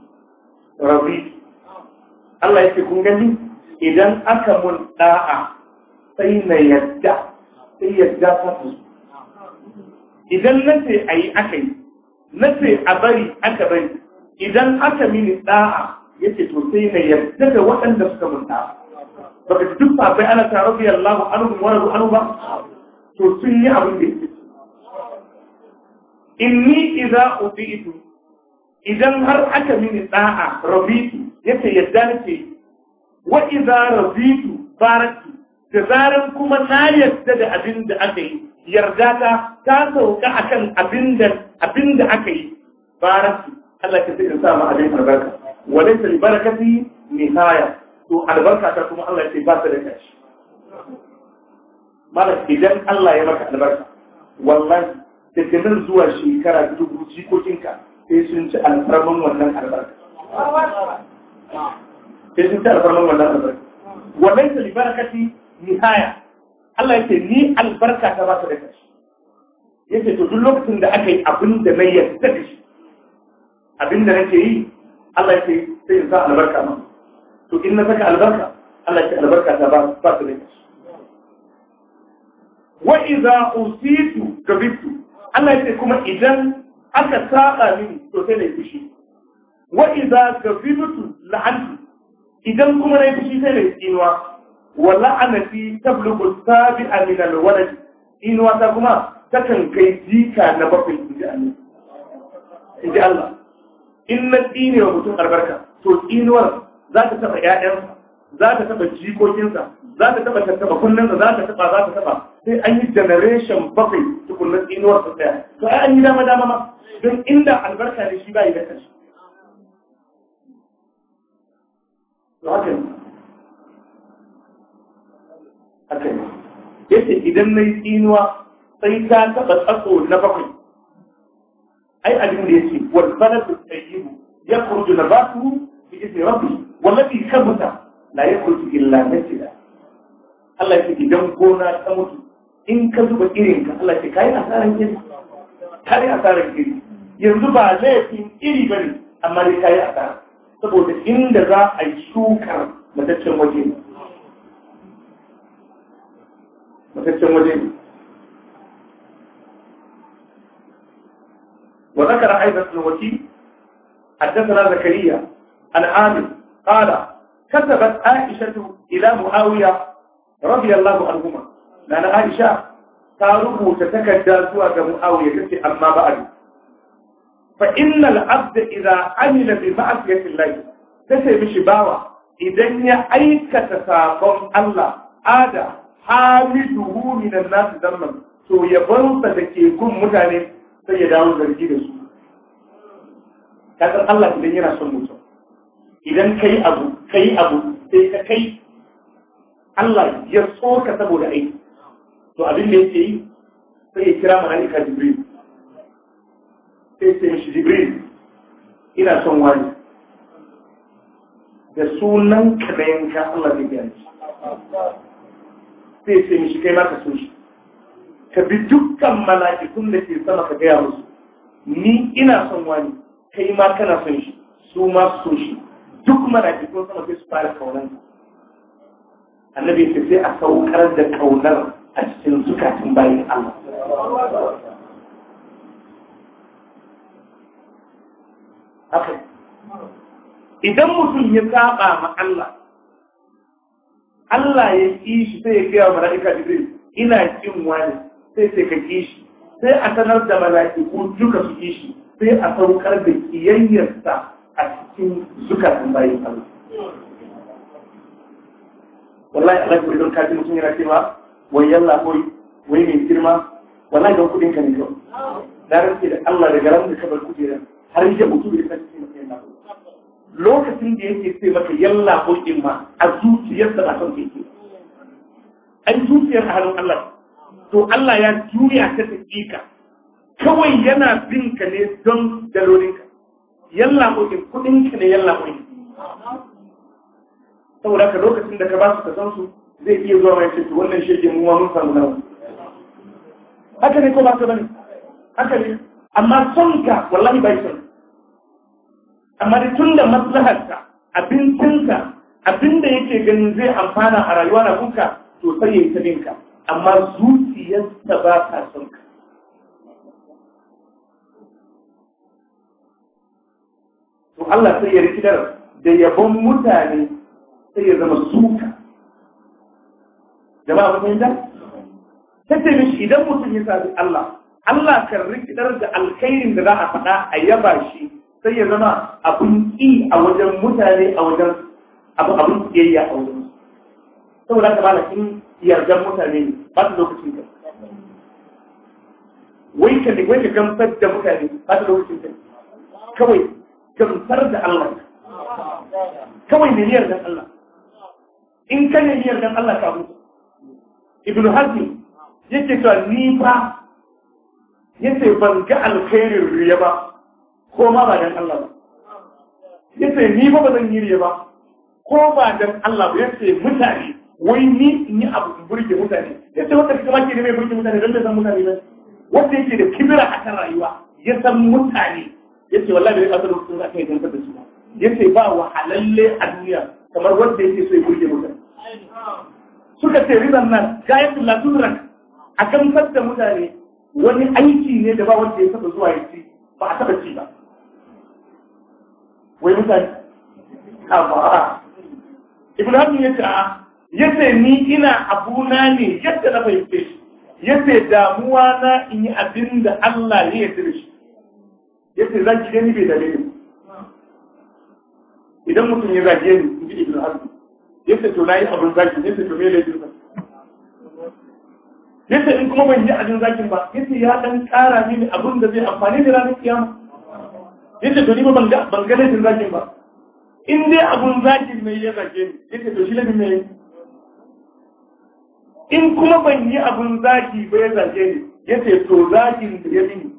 rabi Allah yake kun gani idan aka mun da'a sai na yadda sai yadda ta su idan nace ayi aka yi na nace a bari aka bari idan aka mini da'a Yake to sai na yarda da waɗanda suka munta baka duk ba sai ana ta rabbi Allah anhum wa radu anhu ba to sun yi abin da yake inni idza utiitu idan har aka mini da'a rabitu yake yadda nake wa idza rabitu baraki da zaran kuma na yarda da abin da aka yi yarda ta ta sauka akan abin da abin da aka yi baraki Allah ka sa mu alai albarka وليس لبركته نهاية to albarka kuma Allah ya ce ba ta da kashi malam idan Allah ya maka albarka wallahi daga nan zuwa shekara dubu jikokinka sai sun ci alfarman wannan albarka sai alfarman wannan albarka wannan ta libarakati nihaya Allah ya ce ni albarka ba ta da kashi yace to duk lokacin da aka yi abin da na yarda da shi abin da nake yi Allah ya ce sai in sa albarka ma to in na saka albarka Allah ya ce albarka ta ba ba su rage wa idza usitu kabittu Allah ya ce kuma idan aka saba mini to sai na fushi wa idza kabitu la'antu idan kuma na fushi sai na tsinuwa wa la'anati tablughu sabi'a min al-walad tsinuwa ta kuma takan kai jika na bakwai inji Allah in na tsine wa mutum albarka to tsinuwar za ta taɓa ‘ya'yansa za ta taɓa jikokinsa za ta taɓa tattaɓa kunnensa za ta taɓa za ta taɓa sai an yi generation bakwai tukunan tsinuwar ta tsaya to ai an yi dama dama ma don inda albarka ne shi ba yi da kashi haka ne idan na yi tsinuwa sai ta taɓa tsako na bakwai ai abin da yake wal baladu tayyibu yakhruju nabatuhu bi idni rabbi wallazi khabata la yakhruju illa nakida Allah ya idan gona ta mutu in ka zuba irin ka Allah ya kai asaran iri kai asaran iri yanzu ba laifin iri bane amma dai kai asara saboda inda za a yi shukar mataccen mataccen waje ne وذكر أيضا الوكيل حدثنا زكريا العامل قال كتبت عائشة إلى معاوية رضي الله عنهما لأن عائشة تاربو تتكدى سوى معاوية التي أما بعد فإن العبد إذا عمل بمعصية الله تسي مشي باوة إذن يأيك تساقم الله آدى حامده من الناس ذنبا to yabonsa da ke kun mutane sai ya dawo zargi da su Ka san Allah idan yana son mutum idan ka yi abu ka yi abu sai ka kai Allah ya so ka saboda aiki to abin da yake yi sai ya kira mala'ika Jibril sai ce mishi Jibril ina son wani da sunan ka da yanka Allah zai biya shi sai ce mishi kai ma ka so shi ka bi dukkan mala'ikun da ke sama ka gaya musu ni ina son wani kai ma kana son shi su ma su so shi duk marafikun sama sai su fara kaunar annabi ce sai a saukar da kaunar a cikin zukatun bayan Allah haka idan mutum ya saba ma Allah Allah ya ki shi sai ya gaya mala'ika Jibril ina kin wani sai sai ka ki shi sai a sanar da mala'iku duka su ki shi sai a saukar da kiyayyarsa a cikin zukatan bayan Allah. Wallahi Allah ya idan kaji mutum yana cewa wai yalla koi wai mai girma wallahi don kudin ka ne kawai. na rantsi da Allah daga ran da ka bar kujerar har ya mutu bai san cikin mutum yana Lokacin da yake sai maka yalla koi din ma a zuciyarsa ba son yake. Ai zuciyar a hannun Allah. To Allah ya juya ta tafiya kawai yana bin ka ne don dalolinka yalla kuɗin kudin ka ne yalla kuɗin saboda ka lokacin da ka ba su ka san su zai iya zuwa mai cikin wannan shekin mu mun samu nawa haka ne ko ba ta bane haka ne amma son ka wallahi bai son amma da tun da abincinka abin da yake ganin zai amfana a rayuwa na kuka to sai ya yi binka amma zuciyarsa ba ta son ka Allah sai ya rikidar da yabon mutane sai ya zama suka jama'a mun Sai sai mishi idan mutum ya sabi Allah Allah kan rikidar da alkhairin da za a faɗa a yaba shi sai ya zama abun ƙi a wajen mutane a wajen abu abun ƙiyayya a wajen saboda haka bala in yardar mutane ne ba su lokacin ka wai ka wai ka gamsar da mutane ba su lokacin ka kawai tamsar da Allah kawai ne niyar dan Allah in ka ne niyar dan Allah ka mutu ibnu hazmi yake cewa ni fa yace ban ga alkhairin riya ba ko ma ba dan Allah ba yace ni fa ba zan yi riya ba ko ba dan Allah ba yace mutane wai ni in yi abu burge mutane yace wanda kika maki ne mai burge mutane dan da san mutane ba wanda yake da kibira a kan rayuwa ya san mutane yace wallahi bai kasa lokacin da aka yi tantar da su yace ba wa halalle a duniya kamar wanda yake so ya burge mutane suka ce ridan nan gayatul rak. A kan fadda mutane wani aiki ne da ba wanda ya saba zuwa ya ci ba a saba ci ba wai mutane a ibn hajji ya ce a ce ni ina abuna ne yadda na fahimce shi ce damuwa na in yi abin da Allah ya yarda da shi yace zan ci ni bai dalilin idan mutum ya zage ni in ji ibn hazm yace to nayi abin zaki yace to me laifin sa yace in kuma ban yi abin zakin ba yace ya dan kara mini abin da zai amfani da ranar kiyama yace to ni ba ban ga ban ga zakin ba in dai abun zaki ne ya zage ni yace to shi laifin me in kuma ban yi abun zaki ba ya zage ni yace to zakin da ya mini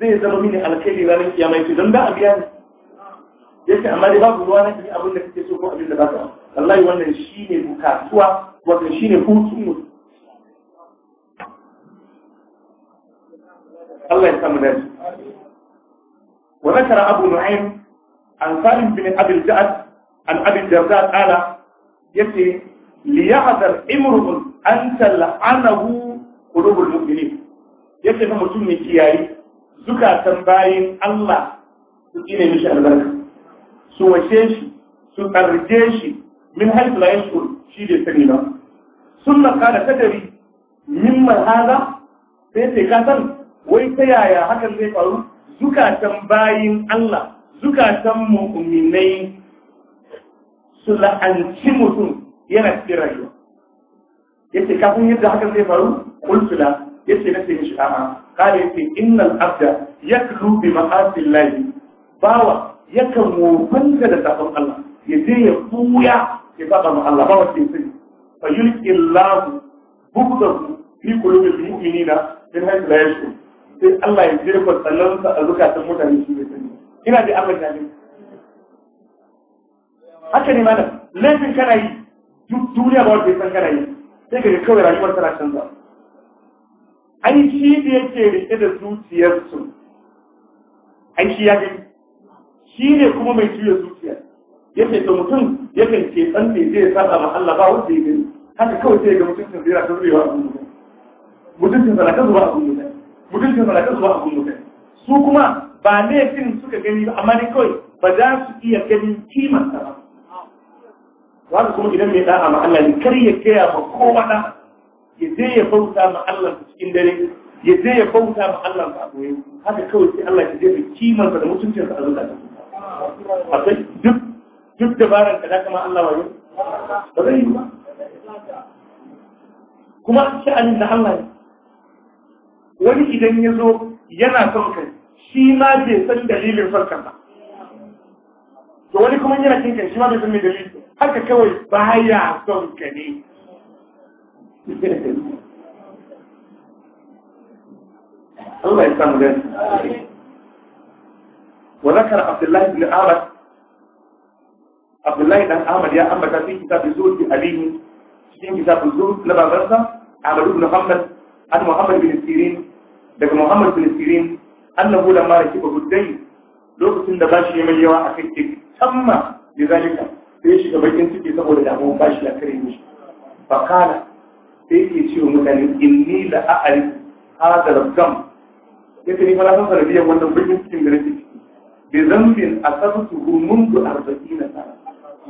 zai zama mini alkhairi ranar kiyama yace don da a biya ni yace amma dai babu ruwa na ki abin da kake so ko abin da ba ka wallahi wannan shine bukatuwa wato shine hutun mu Allah ya samu dace wa zakara abu nu'aym an salim bin abi al-ja'd an abi al-jarda qala yace liyahdar imrun an tal'anahu qulubul mu'minin yace mutum ne kiyaye zukatan bayin Allah su ne mishi albarka su wace shi su tsarje shi min haifu la yashkur shi bai sani ba sunna kana kadari min mahaza. sai sai ka wai ta yaya hakan zai faru zukatan bayin Allah zukatan mu'minai su la'anci mutum yana cikin rayuwa yace kafin yadda hakan zai faru kulsula yace nace mishi a'a kare yace innal abda yakru bi ma'asil lahi bawa yakan wofanta da sabon Allah ya je ya kuya ya saba ma Allah bawa ke sani fa yulqi Allah bugdahu fi qulubil mu'minina min haythu la yashkur sai Allah ya jefa tsallansa a zukatan mutane shi bai sani ina da Allah ya haka ne malam laifin kana yi duniya ba wanda ya san kana yi sai ka ga kawai rayuwar tana canzawa ai shi ne yake rike da zuciyarsu ai shi ya gani shi ne kuma mai juya zuciya yake da mutum yakan ke me zai saba ma Allah ba wanda ya gani haka kawai sai ga da zira ta zubewa a gungun mutuncin zira ta zuwa a gungun mutuncin zira ta zuwa a gungun su kuma ba ne laifin suka gani ba amma ne kawai ba za su iya ganin kimansa ba wanda kuma idan mai da'a ma Allah ne kar ya ba ma kowa da'a ya je ya bauta ma Allah cikin dare ya je ya bauta ma Allah a goye haka kawai sai Allah ya jefa kimar da mutuncinsa a zuciya akwai duk duk dabaran ka da kama Allah wa wayo ba zai yi ba kuma sha'anin da Allah ne wani idan ya zo yana son kai shi ma bai san dalilin farkan ba to wani kuma yana cin kai shi ma bai san mai dalilin haka kawai baya son ka ne Allah ya abdullahi bin ahmad abdullahi dan ahmad ya ambata fi kitabin zuhri alihi cikin kitabin zuhri na babansa ahmad muhammad an muhammad bin sirin daga muhammad bin sirin annahu lamma rakiba huddai lokacin da bashi ya mai yawa a kai ke tamma da zalika sai ya shiga bakin saboda bashi ya kare mishi sai yake ce wa mutane inni la a'ari hada rabgam yace ni fara san sanadiyar wannan bakin cikin da nake ciki bi zambin asabtuhu mundu arba'ina sana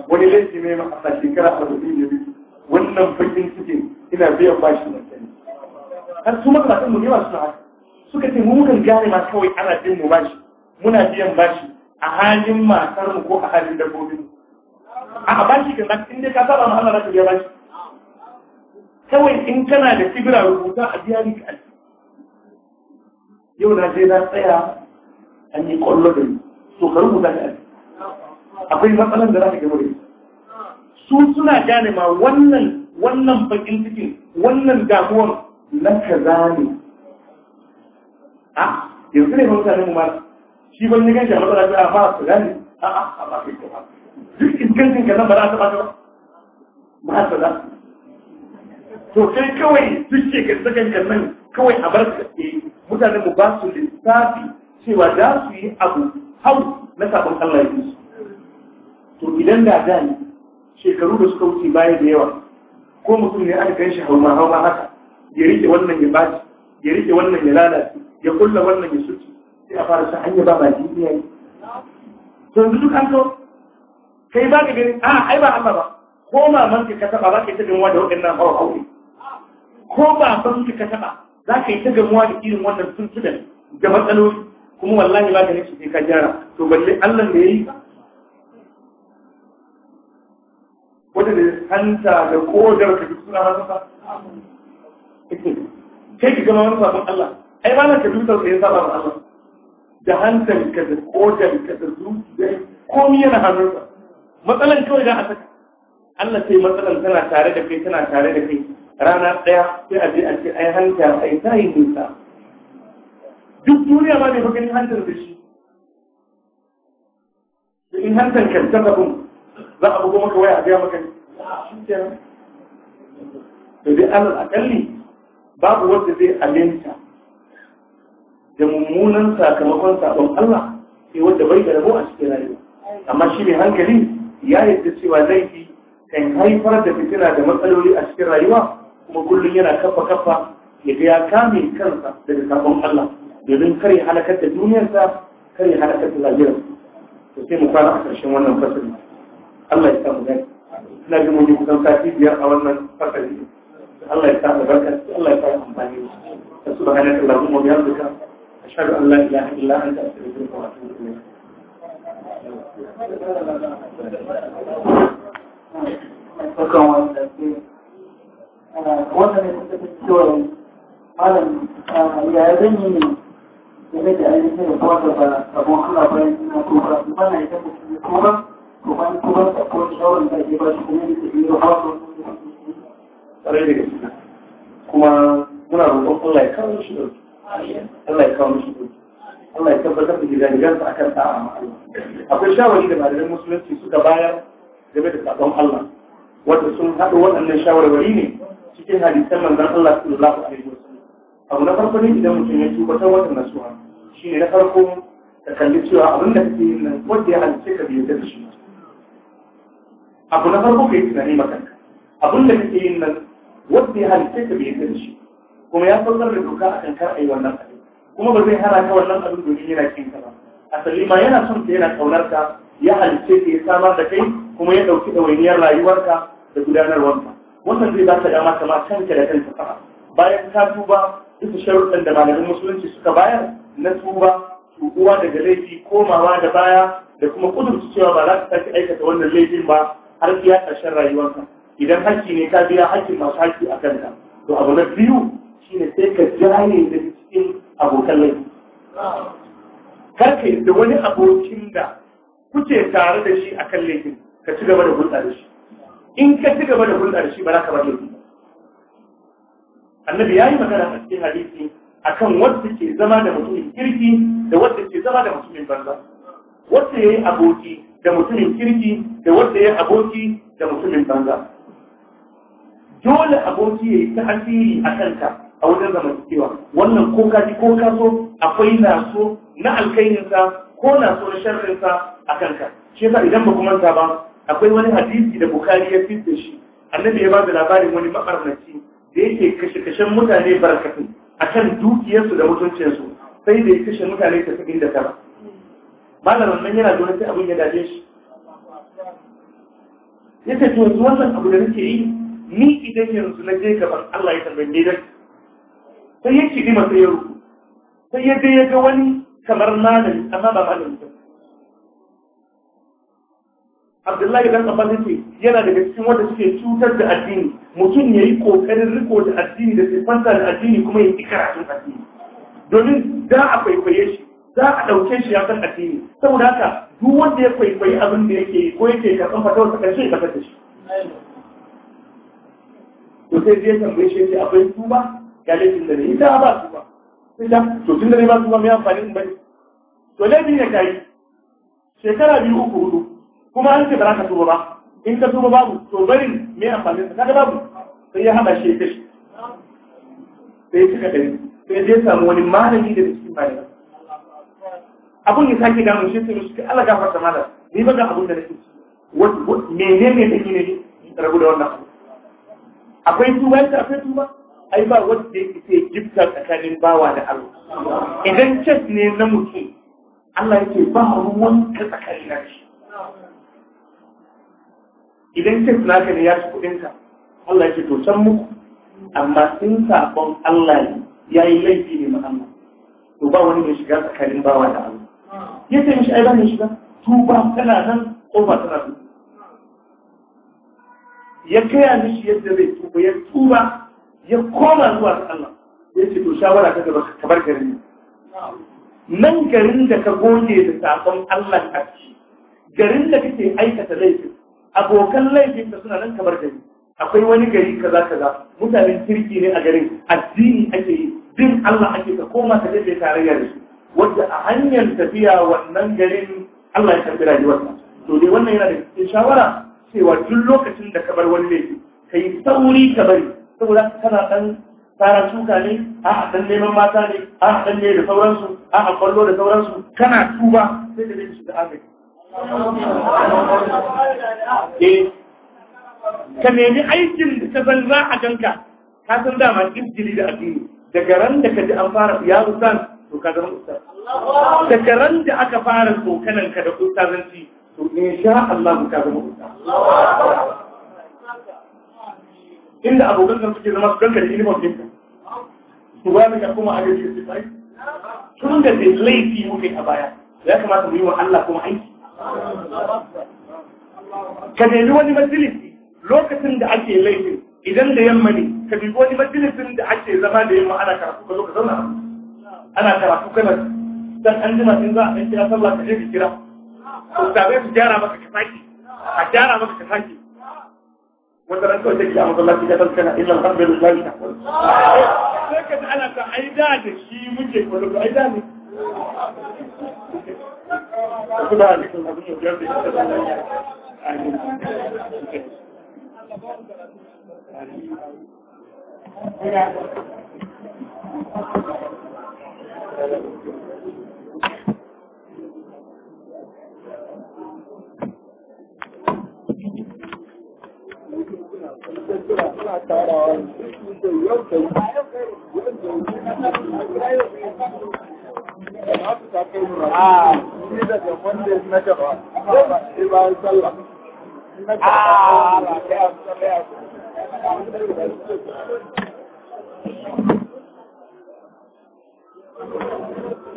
wani laifi mai masa shekara arba'in da biyu wannan bakin cikin ina biyan bashi na sani har su makamakon mu yawa suna haka suka ce mu mukan gane ma kawai ana bin mu bashi muna biyan bashi a halin matar mu ko a halin dabbobin mu a bashi kan in dai ka saba mu Allah zaka biya bashi kawai in kana da kibira rubuta a biya ni ka yau na je na tsaya an yi kwallo da so ka rubuta da akwai matsalan da za ka gaba da su suna gane ma wannan wannan bakin cikin wannan damuwar na kaza ne a yanzu ne mutane mu ma shi ban yi ganshi a matsala ta ba su gane a a ba kai ka ba duk iskancin ka nan ba za ta ba ta ba ba ta za to kai kawai duk ga sakan kannan kawai a bar ke mutane mu ba su lissafi cewa za su yi abu hau na sabon Allah ya su to idan da da ne shekaru da suka wuce baya da yawa ko mutum ne aka gan shi hauma hauma haka ya rike wannan ya baci ya rike wannan ya lalace ya kulla wannan ya suci sai a fara sa hanya ba ba ji yi. to yanzu duk an zo kai ba ka gani a ah, ai ba Allah ba ko ma ka ka taba ba ka ta dinwa da waɗannan hawa hawa ko ba san ka taba za ka yi ta gamuwa da irin wannan tuntunan da matsaloli kuma wallahi ba ganin shi sai ka gyara to balle Allah ne yayi wanda da hanta da kodar ka duk suna masa kai ki gama wani sabon Allah ai ba na ka dutar sai sabon Allah da hantar ka da kodar ka da zuciya komai yana hannunsa matsalan kawai da a saka Allah sai matsalan tana tare da kai tana tare da kai rana ɗaya sai a je a ce ai hanta ai tayin nisa duk duniya ba ne fa ganin hantar da shi in hantar kan ta abun za a bugo maka waya a biya maka shi to dai alal akalli babu wanda zai alinta da mummunan sakamakon sabon Allah sai wanda bai da rabo a cikin rayuwa amma shi ne hankali ya yadda cewa laifi kan haifar da fitina da matsaloli a cikin rayuwa وكل يرى كفا كفا يقيا كامل كنسا ذلك الله يظن كري حركة الدنيا كري حلقة الأجير تسيم مقارا أكثر شموانا وفسرنا الله يستعمل ذلك نجي مجي بسان ساتي بيا أولنا فسر الله يستعمل بركة الله يستعمل بركة سبحانك الله هم وبيانك أشهد أن لا إله إلا أنت أستغفرك وأتوب إليك Thank you. wannan ne kuka fi cewa malam ya zan yi ne game da ainihin da kuma da sabon Allah bayan ina tuba kuma na idan mutum ya ko to bayan tuba da ko shawarar da ke ba shi kuma ne ta yi ruwa ko tare da gaske kuma muna roƙon Allah ya kawo shi da su. Allah ya kawo shi da su. Allah ya tabbatar da gidajen a kan sa'a ma Allah akwai shawari da malaman musulunci suka bayar game da sabon Allah wanda sun haɗu waɗannan shawarwari ne cikin hadisan manzan Allah sallallahu alaihi wasallam abu na farko ne idan mutum ya tuba ta wata nasuha shine na farko ka kalli cewa abin da kake yin nan wanda ya halice ka bai da shi abu na farko kai tunani makanka abin da kake yin nan wanda ya halice ka biyar da shi kuma ya saukar da doka akan kar ayi wannan abin kuma ba zai hana ka wannan abin domin yana kin ka ba asali ma yana son ka yana kaunar ka ya halice ka ya samar da kai kuma ya dauki ɗawainiyar rayuwarka da gudanarwarka wannan zai ba ta dama kama kanka da kanta fara bayan ka tuba duk sharuɗan da malamin musulunci suka bayar na tuba tubuwa daga laifi komawa da baya da kuma kudurci cewa ba za ta sake aikata wannan laifin ba har iya ƙarshen rayuwarka idan hakki ne ka biya hakkin masu hakki a kanka to abu na biyu shine sai ka jaye da cikin abokan laifi kar ka da wani abokin da kuke tare da shi akan laifin ka ci gaba da hulɗa da shi in ka ci gaba da hulɗa da shi ba za ka bar annabi ya yi magana a cikin hadisi akan wanda ke zama da mutumin kirki da wanda ke zama da mutumin banza wanda ya yi aboki da mutumin kirki da wanda ya yi aboki da mutumin banza dole aboki ya yi tasiri a kanka a wajen cewa wannan ko ka ji ko ka so akwai na so na alkairinsa ko na so na sharrinsa a kanka shi yasa idan ba kuma ba akwai wani hadisi da bukari ya fita shi annabi ya ba da labarin wani makarnaci da yake kashe-kashen mutane barkatu akan dukiyarsu da mutuncinsu sai da ya kashe mutane fi da tara malamin nan yana zaune sai abin ya dace shi ya ce to yanzu wannan abu da nake yi ni idan yanzu na je gaban Allah ya tambaye ni dai sai ya ci masu ya rubu sai ya je ya ga wani kamar malami amma ba malami abdullahi dan abbas ce yana daga cikin wanda suke cutar da addini mutum yayi kokarin riko da addini da sifanta da addini kuma ya karatun addini domin da a kwaikwaye shi za a ɗauke shi ya san addini saboda haka duk wanda ya kwaikwayi abin da yake ko yake karɓar fatawar sa karshe ya kasar da shi to sai je tambaye shi yace akwai tuba ga laifin da ne ita ba tuba sai ta to tun da ne ba tuba mai amfani in bane to laifi ne kai shekara biyu uku hudu kuma an ce ba za ka turo ba in ka turo babu to barin me amfani ka ga babu sai ya haɗa shi kashi sai ya cika dari sai ya samu wani malami da cikin malami abun ya sake damun shi sai shi Allah gafarta mala ni ba ga abun da nake menene ne take ne rabu da wannan akwai tuba ta akwai tuba ai ba wanda yake sai gifta tsakanin bawa da Allah idan kes ne na mutum Allah yake ba ruwan ka tsakanin shi idan kes naka ne ya ci kuɗinka Allah ya ce to can muku amma in sabon Allah ne ya yi laifi ne ma Allah to ba wani mai shiga tsakanin bawa da Allah ya ce mishi ai ba mai shiga tuba tana nan ba tana nan ya kaya mishi yadda zai tuba ya tuba ya koma zuwa ga Allah ya ce to shawara ta gaba ka bar garin nan garin da ka goge da sabon Allah a ciki garin da kake aikata laifin abokan da suna nan kamar gari akwai wani gari kaza kaza mutanen kirki ne a garin addini ake yi din Allah ake ka koma ka je tarayya da su wanda a hanyar tafiya wannan garin Allah ya tafi rayuwarsa to dai wannan yana da cikin shawara cewa duk lokacin da ka bar wani laifi ka yi sauri ka bari saboda kana dan tsara tuka ne a dan neman mata ne a dan ne da sauransu a a kwallo da sauransu kana tuba sai da zai shiga agaji Eh, ka nemi aikin da ka san za a ganka ka san dama injili da addini daga ran da ka ji an fara ya san to ka zama ustaz daga ran da aka fara tsokanan ka da ustazanci to sha Allah ka zama ustaz inda abokan zan suke zama su ganka da ilimin ka, su ba ka kuma a gaji su tsaye tun da laifi muke a baya ya kamata mu yi wa Allah kuma aiki ka nemi wani majalisi lokacin da ake laifin idan da yamma ne ka bi wani majalisin da ake zama da yamma ana karatu ka zo ka zauna ana karatu kana dan an jima in za a kira sallah ka je ka kira to bai su gyara maka ka saki a gyara maka ka saki wanda ran kawai take a masallaci ka san kana illa alhamdulillah sai ka ji ana ta aida da shi muke ko ai da ne suna ah. shi daga wanda na gaba sai bayan Thank you.